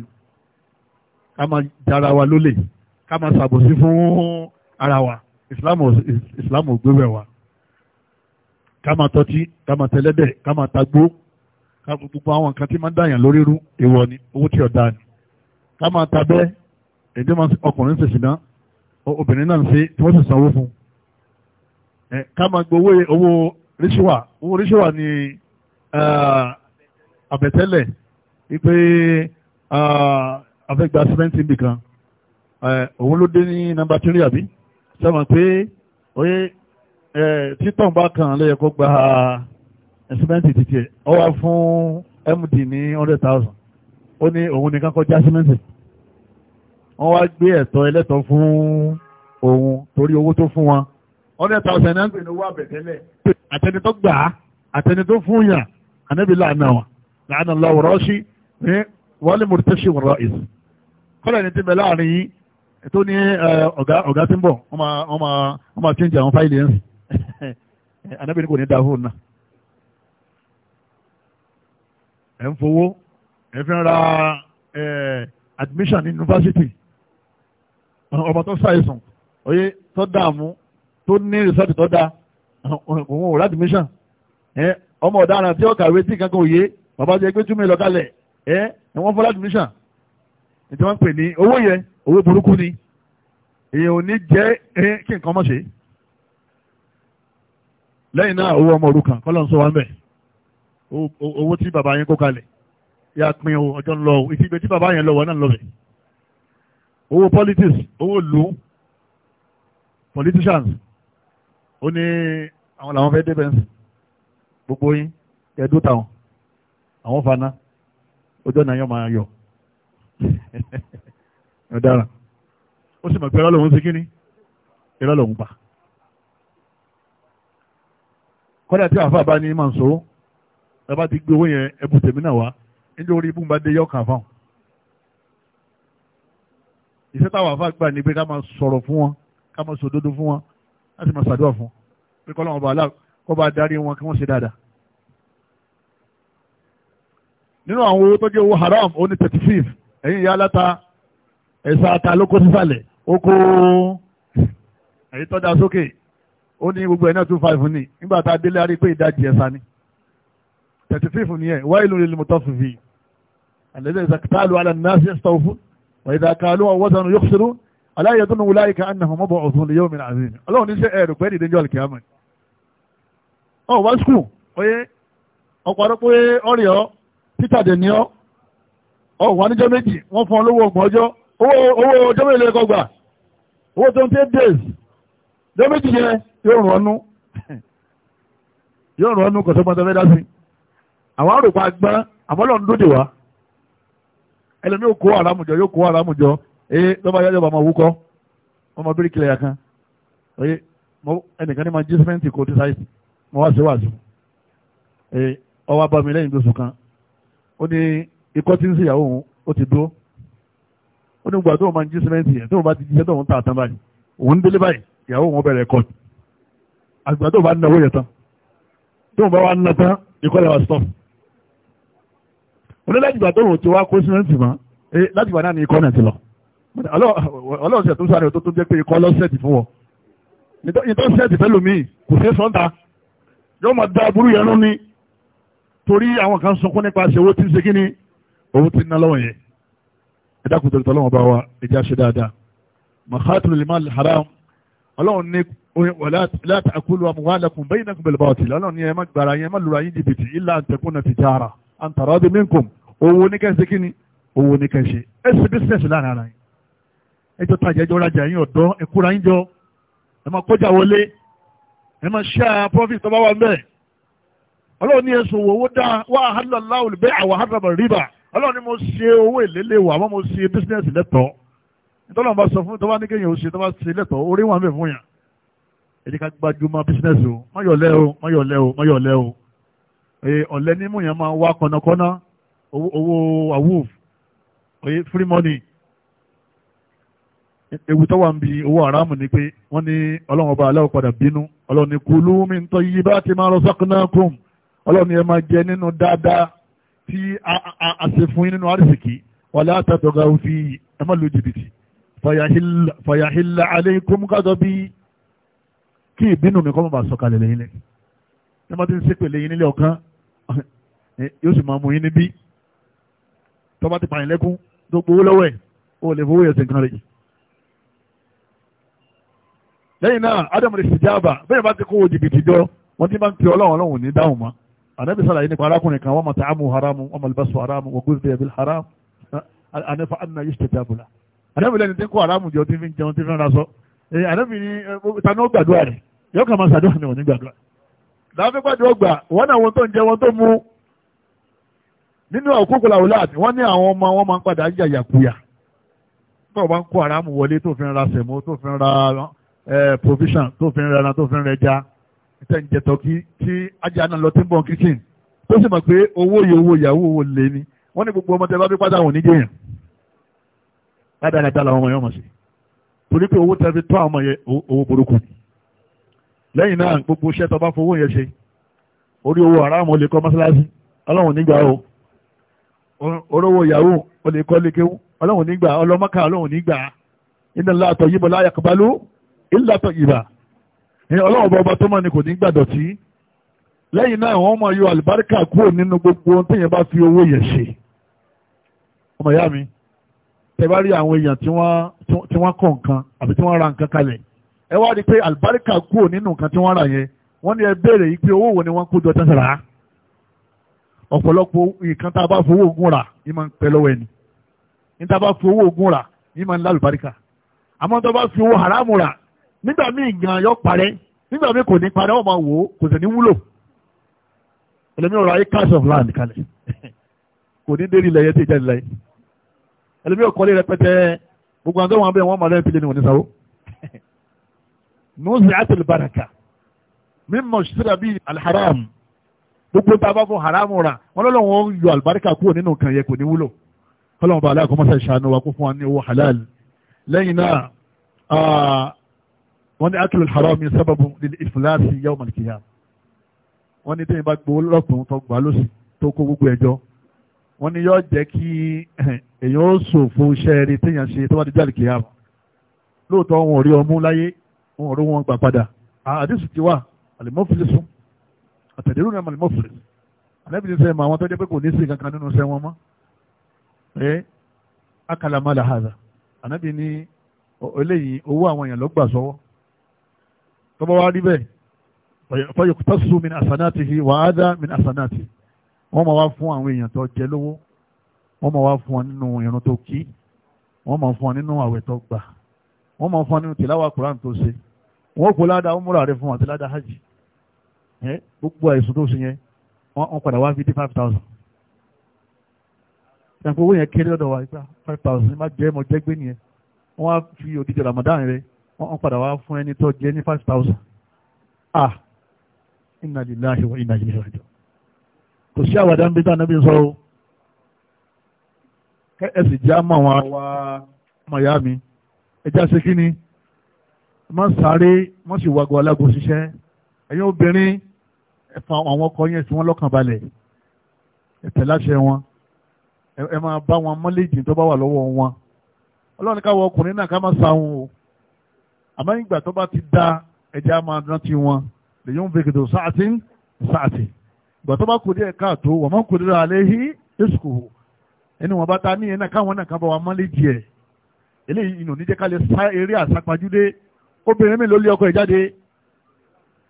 ká máa dára wa lólè ká máa ṣàbòsí fún ara wa ìsìlámù ògbé wẹ̀ wa ká máa gbogbo àwọn nǹkan tí máa ń dàyàn lórí rú ìwọ ni owó tí ọ̀dà ni ká máa ta bẹ́ẹ̀ èdè máa ọkùnrin ṣèṣì ná obìnrin náà ń ṣe tí wọ́n sì sanwó fún un ká máa gbowó owó ríṣíwà owó ríṣíwà ni àbẹ̀tẹ́lẹ̀ wípé afẹ́gbà sẹ́mẹ́ntì nìkan òun ló dé ní nọ́mbà tírí àbí sẹ́wọ̀n pé títàn bá kàn lẹ́yẹ̀kọ́ gba ẹ̀sìmẹ́ǹtì ti tiẹ̀ ọ wá fún md ní hundred thousand ó ní òun nìkan kọjá símẹ́ǹtì wọ́n wá gbé ẹ̀tọ́ ẹlẹ́tọ̀ fún òun torí owó tó fún wọn hundred thousand náà ń pè ní owó àbẹ̀tẹ́lẹ̀ àtẹni tó gbà á àtẹni tó fún yàn ànábì láàánà wọn láàánà lọ́wọ́ rọ́ọ̀ṣì ní wọ́n lè mú tẹ́sí kọ́lẹ̀ ní ti bẹ̀ láàrin yìí tó ní ọ̀gá tí ń bọ̀ wọ́n máa change àwọn fáìlì yẹn sí ànábì ní kò ní dáa náà. ẹ̀ ń fowó ẹ̀ fi ń ra admission ní yunifásitì ọmọ tó ṣàìsàn oyè tó dààmú tó ní rìsọ́ọ̀tì tó dáa òun ò rà admission ọmọ ọ̀daràn tí ó kàwé tí kankan òye bàbá jẹ́ pé túmọ̀ ìlọ́kalẹ̀ ẹ wọ́n fọ́ admission ìtí wọ́n pè ní owó yẹn owó burúkú ni èèyàn ò ní jẹ́ kí nǹkan mọ̀ ṣe lẹ́yìn náà owó ọmọ òrukàn kọ́lọ́ ń sọ wá ń bẹ̀ owó tí bàbá yẹn kó kalẹ̀ yà pin o ọjọ́ ń lọ o ìtìgbẹ́ tí bàbá yẹn lọ wọ́n náà lọ bẹ̀. owó politics owó lu politicians ó ní àwọn làwọn fẹ́ débẹ̀ nsì gbogbo yín ẹ̀ẹ́dó táwọn àwọn fana ọjọ́ náà yọ máa yọ ọ̀daràn ó sì mọ̀ pé ọlọ́run ṣe kíní ìrọ̀lọ́run pa kọ́dà tí àfa bá ní màá sọ bàbá ti gbé owó yẹn ẹbùn tèmi náà wá nítorí ibú bá dé yọkàn fáwọn. iṣẹ́ táwọn àfa gbà ní pé ká máa sọ̀rọ̀ fún wọn ká máa sòdodo fún wọn láti máa ṣàdúrà fún pé kọ́ làwọn bàálà kọ́ bá darí wọn kí wọ́n ṣe dáadáa. nínú àwọn owó tó jẹ́ owó haram ó ní thirty five ẹ̀yin ìyá aláta ẹ̀sà ata ló kó sísàlẹ̀ ó kó ẹ̀yin tọ́jà sókè ó ní gbogbo ẹ̀ náà two five ní nígbà tá a délé a rí pé ìdajì ẹ̀sà ni tẹ̀tí fífù nìyẹn wáyé lórí lèmọ́tọ́fìfì àlẹ́dẹ́ ìsàkítàlù alànàṣẹ́ stọ̀fù wàyídàkàlù ọwọ́sàn yóò ṣerú aláyẹ̀dúnnù wùláyìíká annahum mọ́bọ̀ ọ̀tún lè yóò mìíràn àzín ọlọ́run níṣẹ́ ẹ̀rù pẹ́ nìdí jọ́ alìkìyàmọ̀ ọ wá skul oyé ọ̀pọ̀rọ̀ pé ọ̀rẹ́ ọ títà dẹ̀ ní ọ ọ wà níjọ́ méjì wọ́n fún ọ lówó ọgbọ̀n ọjọ́ owó ọjọ́ mélòó ẹ̀kọ́ gbà owó twenty eight days ọjọ́ méjì yẹn yóò rún ọnú yóò rún ọnú kọ̀sọ́gbọ́n tó fẹ́ dá sí i àwọn àròpá gbọ́n àmọ́ lọ́n dóde wá ẹlẹ́mi yóò kó àràmùjọ yóò kó àràmùjọ ee lọ́ba yájọ́ bàmọ̀ wúkọ́ ọmọ bíríkì lẹ́yà kan oye ẹnìkan ní ma jí sẹ́mẹ́ǹtì kò tí sáyẹ̀sì mo wá sí wàásù ee ọwọ́ abá mi lẹ́yìn gbèsù kan ó ní ikọ́ tí ń sí ìyàwó òun ó ti dúró ó ní gbà tó ma jí sẹ́mẹ́ǹtì yẹn tó ma ti jíṣẹ́ tó ń ta àtàn báyìí òun délé báyìí ìyàwó òun bẹ̀rẹ̀ ẹ̀kọ́ àgbà tó bá ń náwó yẹn tán tó bá wà ń ná tán ikọ́ lẹ́wà stọ́ọ̀ onílẹ̀jìgbà tó wò ti wá kó sínú ìtìmọ̀ eh, láti wà náà ní ikọ́ náà ti lọ ọlọ́run ṣe tó sáré tó tó jẹ́ pé ikọ́ lọ́sẹ̀tì fún wọn nítorí sẹ́ẹ̀tì fẹ́ lómi kò ṣe sọ́ńtà yóò máa da burú yẹn lóní torí àwọn kan sunkún nípa ṣe owó tí ń ṣe kí ni owó ti ń ná lọ́wọ́ yẹn ẹ dákun tó tọ́lọ́wọ́n bá wa ẹ má gbára yẹn má àǹtàrà bí minkum owó oníkẹ́sí kí ni owó oníkẹ́sí ẹ ṣe bísíǹsì láàrin ara yín ẹ jọ tajà ẹjọ rajà yín ọ̀dọ́ ẹ kóra yín jọ ẹ máa kọjá wọlé ẹ máa ṣá profit tó bá wà mẹ́ẹ̀ ọlọ́run ní ẹ̀sùn owó dá wà á hàlọ́ láwùl bẹ́ẹ̀ àwọn àhàdàbà rìbà ọlọ́run ní mo ṣe owó èlélè wà àmọ́ mo ṣe bísíǹsì lẹ́tọ̀ọ́ nítorí bá sọ fún mi tó bá ní kéèyàn ó ṣe tó bá ṣe lẹ́tọ̀ọ́ orí wọn bẹ̀ fún yàn ẹ jẹ́ ká o má o má o má o ọ̀lẹ́ nímú yẹn máa wá kọ̀nàkọ́ná owó awoof free money ewu tó wà ń bi owó haramu ni pé wọ́n ní ọlọ́run ọba aláwọ̀ padà bínú ọlọ́run ní kulú min tayyibati ma razaqnakum ọlọ́run yẹn máa jẹ nínú dáadáa tí a ṣe fún yín nínú àrísìkí wala tatagaw fi ẹ má lu jìbìtì fayahilla alaykum ghadabi kí ìbínú mi kọ́ mọ́ bá sọ̀kalẹ̀ lẹ́yìn lẹ́yìn ẹ má ti ń ṣépè lẹ́yìn nílé ọ̀kan yóò sì máa mú yín níbí tó bá ti pààyàn lẹ́kún tó gbowó lọ́wọ́ ẹ̀ ó lè fowó ẹ̀sìn kan rẹ̀. lẹ́yìn náà adam lè ṣèjá àbà bẹ́ẹ̀ bá ti kó jìbìtì jọ wọ́n ti máa ń pe ọlọ́run ọlọ́run ní dáhùn mọ́ ànábì sàlàyé nípa arákùnrin kan wọ́n mọ̀ tààmù haramu wọ́n mọ̀ libasu haramu wọ́n gúrú tẹ̀yẹ̀bí haram ànáfà àná yìí ṣe tàbùlà ànábì lẹ́ni tí ń kó haramu jọ tí fi jẹun tí ń raṣọ láàfin pàdé ọgbà wọn náà wọn tó ń jẹ wọn tó mú nínú àkókò làwọn láàbí wọn ní àwọn ọmọ wọn máa ń padà yà yàkuyà tó o bá ń kó aráàmù wọlé tó fi ń ra sẹ̀mó tó fi ń ra provision tó fi ń ra ẹran tó fi ń rẹja tẹ̀ ń jẹtọ̀ kí kí ajá náà lọ tí ń bọ̀ kíkìn tó sì mọ̀ pé owó yìí owó ìyàwó owó lè ní wọ́n ní gbogbo ọmọ bá fi pátá wọn níjẹ̀yàn dáadáa làwọn ọmọ yẹn mọ̀ sí torí pé owó tẹ fi tọ́ àwọn ọmọ yẹn owó burúkú ni lẹ́yìn náà gbogbo iṣẹ́ tó bá fowó yẹn ṣe orí owó aráàmù ó lè kọ́ mọ́sálásí ọlọ́run nígbà o orówó ìyàwó ó lè kọ́ lékewú ọlọ́run nígbà ọlọ́mọ́ká ọlọ́run nígbà iná látọ̀ yíbo láyà kọbalú ìlàtọ̀ ìbà ọlọ́run bọba tó mọ̀ ni kò ní gbàdọ̀ tí lẹ́yìn náà wọ́n mọ̀ yọ àlùbáríkà kúrò nínú gbogbo ohun téèyàn bá fi owó yẹn ṣe ọmọ ìyá mi tẹ bá rí àwọn èèyàn tí wọ́n kọ̀ nǹkan àbí tí wọ́n ra nǹkan kalẹ̀ ẹ wá rí i pé àlùbáríkà kúrò nínú nǹkan tí wọ́n rà yẹn wọ́n ní ẹ béèrè yìí pé owó wo ni wọ́n kó jọ tẹ́sán rà á ọ̀pọ̀lọpọ̀ nǹkan tá a bá fowó ogun rà yìí máa ń pẹ́ lọ́wọ́ ẹni níta bá fowó ogun rà yìí máa ń lálùbáríkà àmọ́ tó bá fi owó haramu rà nígbà míì gan yọ parẹ́ nígbà míì kò ní parẹ́ ọ̀ máa wò ó kò sì ní wúlò ẹlẹ́mi ọ̀rọ̀ ayé cash of land kalẹ̀ kò ní dérí ilẹ̀ yẹn tí ì jáde láyé ẹlẹ́mi ọ̀kọ́lé rẹpẹtẹ gbogbo àwọn tó wọn máa lẹ́yìn fílẹ̀ ní wọn ní sáwó nùsíàtì ìbàràkà mímọ̀ ṣíṣẹ́ra bíi alḥaram gbogbo tá a bá fún haram ra wọn lọ́lọ́wọ́n yọ àlùbáríkà kúrò nínú nǹkan yẹn kò ní wúlò kọ́lọ́wọ́n bá aláàkọ́ mọ́sá ìṣàánú wa kó fún wa ní owó halal lẹ́yìn náà wọ́n ní akílù haram yẹn sábàbù lil ìfúláàsì yawm al-qiyam wọ́n ní tẹ́yìn bá gbowó lọ́kùnrin tó gbà lọ́sì tó kó gbogbo ẹjọ́ wọ́n ní yóò jẹ́ kí eh, èèyàn ó ṣòfò iṣẹ́ rẹ̀ téèyàn tó bá dé jáde kìyàm lóòótọ́ wọn ò rí ọmú láyé wọn rí wọn gbà padà àdìsí ti wà àlìmọ́fìlì àtẹ̀dẹ́rù náà àlìmọ́fìlì ma sẹ́yìn mọ àwọn tó jẹ́ pé kò ní sí kankan nínú sẹ́yìn wọn mọ́ ẹ akalamala hàdà ànábì ní eléyìí owó àwọn èèyàn ló gbà sọ́wọ́ tọ́bọ̀ wá rí bẹ́ẹ̀ fayọ̀kútàṣù min àsánáàtì wàhádà min àsánáàtì wọ́n máa wá fún àwọn èèyàn tó jẹ lówó wọ́n máa wá fún nínú tó kí wọ́n máa fún nínú àwẹ̀ tó gbà wọ́n máa wọ́n kò ládàá ó múra rẹ̀ fún àti ládàá hajj gbogbo àìsùn tó ṣe yẹn wọ́n padà wá fi five thousand ìyàpò owó yẹn kéré lọ́dọ̀ wa ìgbà five thousand má jẹ́ mọ jẹ́gbé nìyẹn wọ́n á fi òdìjọ Ramadan rẹ̀ wọ́n padà wá fún ẹni tó jẹ́ ní five thousand ah inna lillahi wa inna ilaihi raji'un kò sí àwàdà ń bí tá ànábì sọ o kẹ́ẹ̀sì jẹ́ àmọ́ àwọn àwa ọmọ ìyá mi ẹja ṣe kí ni má sáré má sì wàgọ̀ alágo ṣiṣẹ́ ẹ̀yin obìnrin ẹ fa àwọn ọkọ yẹn tí wọ́n lọ́kàn balẹ̀ ẹ tẹ̀ láṣẹ wọn ẹ máa bá wọn mọ́lẹ́jì tó bá wà lọ́wọ́ wọn ọlọ́run káwọ ọkùnrin náà ká má sáwọn o àmọ́ ìgbà tó bá ti da ẹja máa rántí wọn lèyìn ń fèkìtò sáàtì sáàtì ìgbà tó bá kù díẹ̀ káàtó wọ́n máa kù díẹ̀ alẹ́ hí èsùkò ẹni wọn bá ta ní ẹ̀ náà káwọn náà ká bá wa mọ́lẹ́jì ẹ̀ eléyìí inú níjẹ́ ká lè sá eré àsápajúdé obìnrin mi ló lé ọkọ ẹ̀ jáde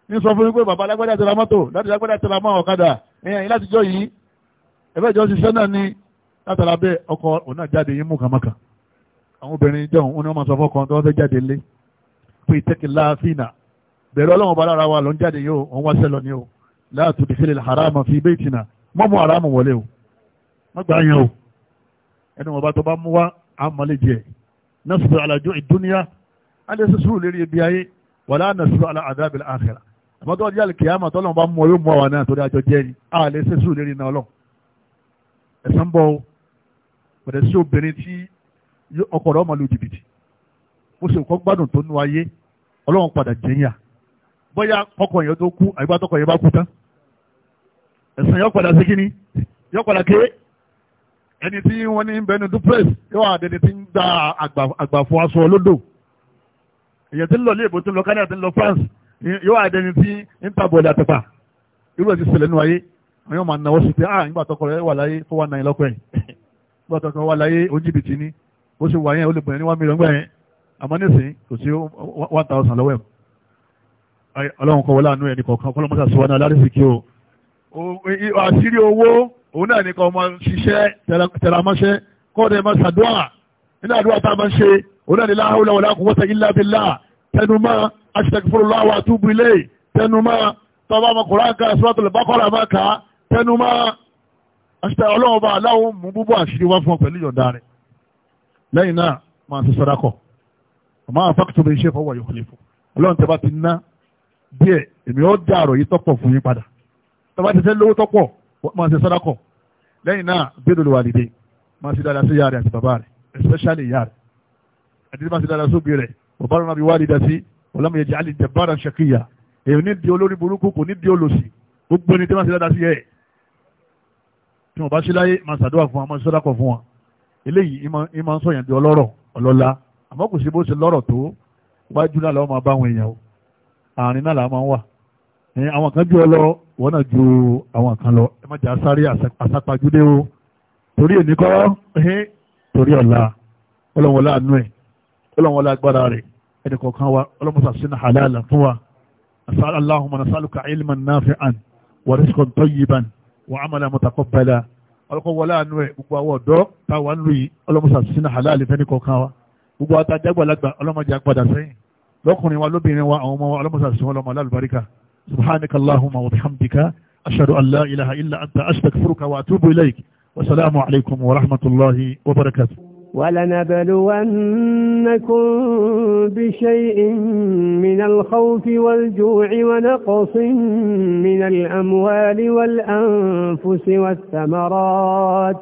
ní sọ fún mi pé bàbá alágbádá tẹ̀lé mọ́tò láti alágbádá tẹ̀lé mọ́ ọ̀kadà ẹ̀yìn àyìn láti jọ yìí ẹ̀fẹ́ ìjọ ṣiṣẹ́ náà ni látara bẹ́ẹ̀ ọkọ òun náà jáde yín mú kàmákà àwọn obìnrin jọ̀hún ó ní wọ́n máa sọ fún ọkọ tó wọ́n fẹ́ jáde lé pé ìtẹ́kì láàfínà bẹ̀rẹ̀ ọlọ́run ọba lára wa ló fi ibé ìtìnà mọ́mú haramu wọlé o wọ́n gbà yẹn o ẹni wọn bá tó bá mú alẹ́ sí sùúrù lérí ibi ayé wàlá àna sùúrù alá àdábìlì àkhírà àmọ́ tó ọjọ́ àlùkìyà àmọ́ tọ́lọ́ bá mú ọyọ́ mú àwọn náà torí àjọ jẹ́ ni alẹ́ sí sùúrù lérí náà lọ. ẹ̀sán bọ́ pẹ̀lẹ́ sí obìnrin tí ọkọ rẹ̀ ọmọ lu jìbìtì ó sì kọ́ gbádùn tó nú ayé ọlọ́run padà jẹ́yà bóyá ọkọ yẹn tó kú àyíká tọkọ yẹn bá kú tán ẹ̀sán yọ padà sí kíní yọ èyàn tí ń lọ ilé ìbò tí ń lọ Canada tí ń lọ France yóò àdẹni tí ń tàbọ̀ ilé àtẹ̀pà irú ẹ̀ ti ṣẹlẹ̀ nù ayé àwọn ọmọ ànáwó sí pé ah nígbà tọkọ rẹ wà láyé four one nine lọ́kọ ẹ̀ nígbà tọkọ wà láyé oníjìbìtì ni bó ṣe wà yẹn ó lè pè é ní one million gbà yẹn àmọ́ nísìnyí kò sí one thousand lọ́wọ́ ẹ̀ ọlọ́run kọ́ wọlé àánú ẹ̀ nìkọ̀ọ̀kan kọ́lọ́mọ́sà o àṣírí owó òun náà nìkan ọmọ ṣiṣẹ́ tẹramọ́ṣẹ́ kọ́ọ̀dẹ̀ mọ́ ṣàdúrà nínú àdúrà a máa ń ṣe onáni láhàúlà wọlé àkùnwọ́sẹ̀ ilá bílá tẹnumá aṣèkìfọ́lọ́wọ́ àwọn àtúbù ilé tẹnumá tọ́ba ọmọ kùrán ká suratul baqara máa ká tẹnumá aṣèkìfọ́ ọlọ́wọ́ bá aláwọ̀ mú búbọ̀ àṣírí wá fún ọ pẹ̀lú yọ̀ǹda rẹ̀ lẹ́yìn náà máa ṣe sọ́dákọ̀ ọmọ àfáàkìtò bí iṣẹ́ fọwọ́ yòókù lẹ́fọ́ ọlọ́run tẹ́ bá ti ná díẹ̀ èmi ó dá àrò yìí tọ́pọ̀ fún yín padà tọ́ba ti fẹ́ lówó tọ́pọ̀ máa ṣe sọ́dákọ̀ lẹ́yìn náà bí lóluwàlídé máa ṣe dáadáa sí ìyá rẹ̀ àti bàbá rẹ̀ especially ìyá rẹ̀ àti tí bá ti dára sóbi rẹ̀ bàbá rẹ̀ náà bí wá dídá sí ọ̀làmúyẹ jẹ́ àlè jẹ̀bára ṣàkíyà èyàn ní di olórí burúkú kò ní di olòṣì gbogbo ẹni tí wọ́n ti dára sí ẹ̀ tí wọ́n bá ṣe láyé máa ṣàdúrà fún wọn máa ṣọ́dá kọ̀ fún wọn eléyìí ìmọ̀ ń sọ̀yàn di ọlọ́rọ̀ ọlọ́lá àmọ́ kò sí bó ṣe lọ́rọ̀ tó wájú náà làwọn máa bá àwọn èèyàn o àárín náà làwọn máa ń wà àwọn kan ju ọlọ wọn náà ju àwọn kan lọ ẹ má jà sáré àsápajúdé o torí ènìkọ́ torí ọ̀la ọlọ́wọ́lá àánú ẹ̀ ọlọ́wọ́n lágbára rẹ̀ ẹni kọ̀ọ̀kan wa ọlọ́mọta sínú halala fún wa aláhùnmọ̀ nasaluka ilman nafi'an wa rizqan tayyiban wa amala mutaqabbala ọlọ́kọ̀ wọlé àánú ẹ̀ gbogbo àwọn ọ̀dọ́ táwa ń lù yìí ọlọ́mọta sínú halala fẹ́ni kọ̀ọ̀kan wa gbogbo àtàjágbàlagbà ọlọ́mọdé agbada sẹ́yìn lọ́kùnrin wa lóbìnrin wa àwọn ọmọ wa ọlọ́mọta الله ọlọ́mọ alálùbáríkà subhanakallahumma wa bihamdika ashhadu an la ilaha illa anta astaghfiruka ولنبلونكم بشيء من الخوف والجوع ونقص من الأموال والأنفس والثمرات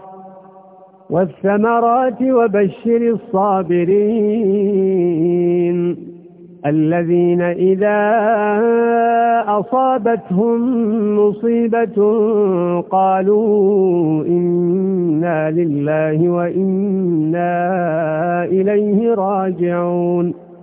والثمرات وبشر الصابرين الذين إذا أصابتهم مصيبة قالوا إنا لله وإنا إليه راجعون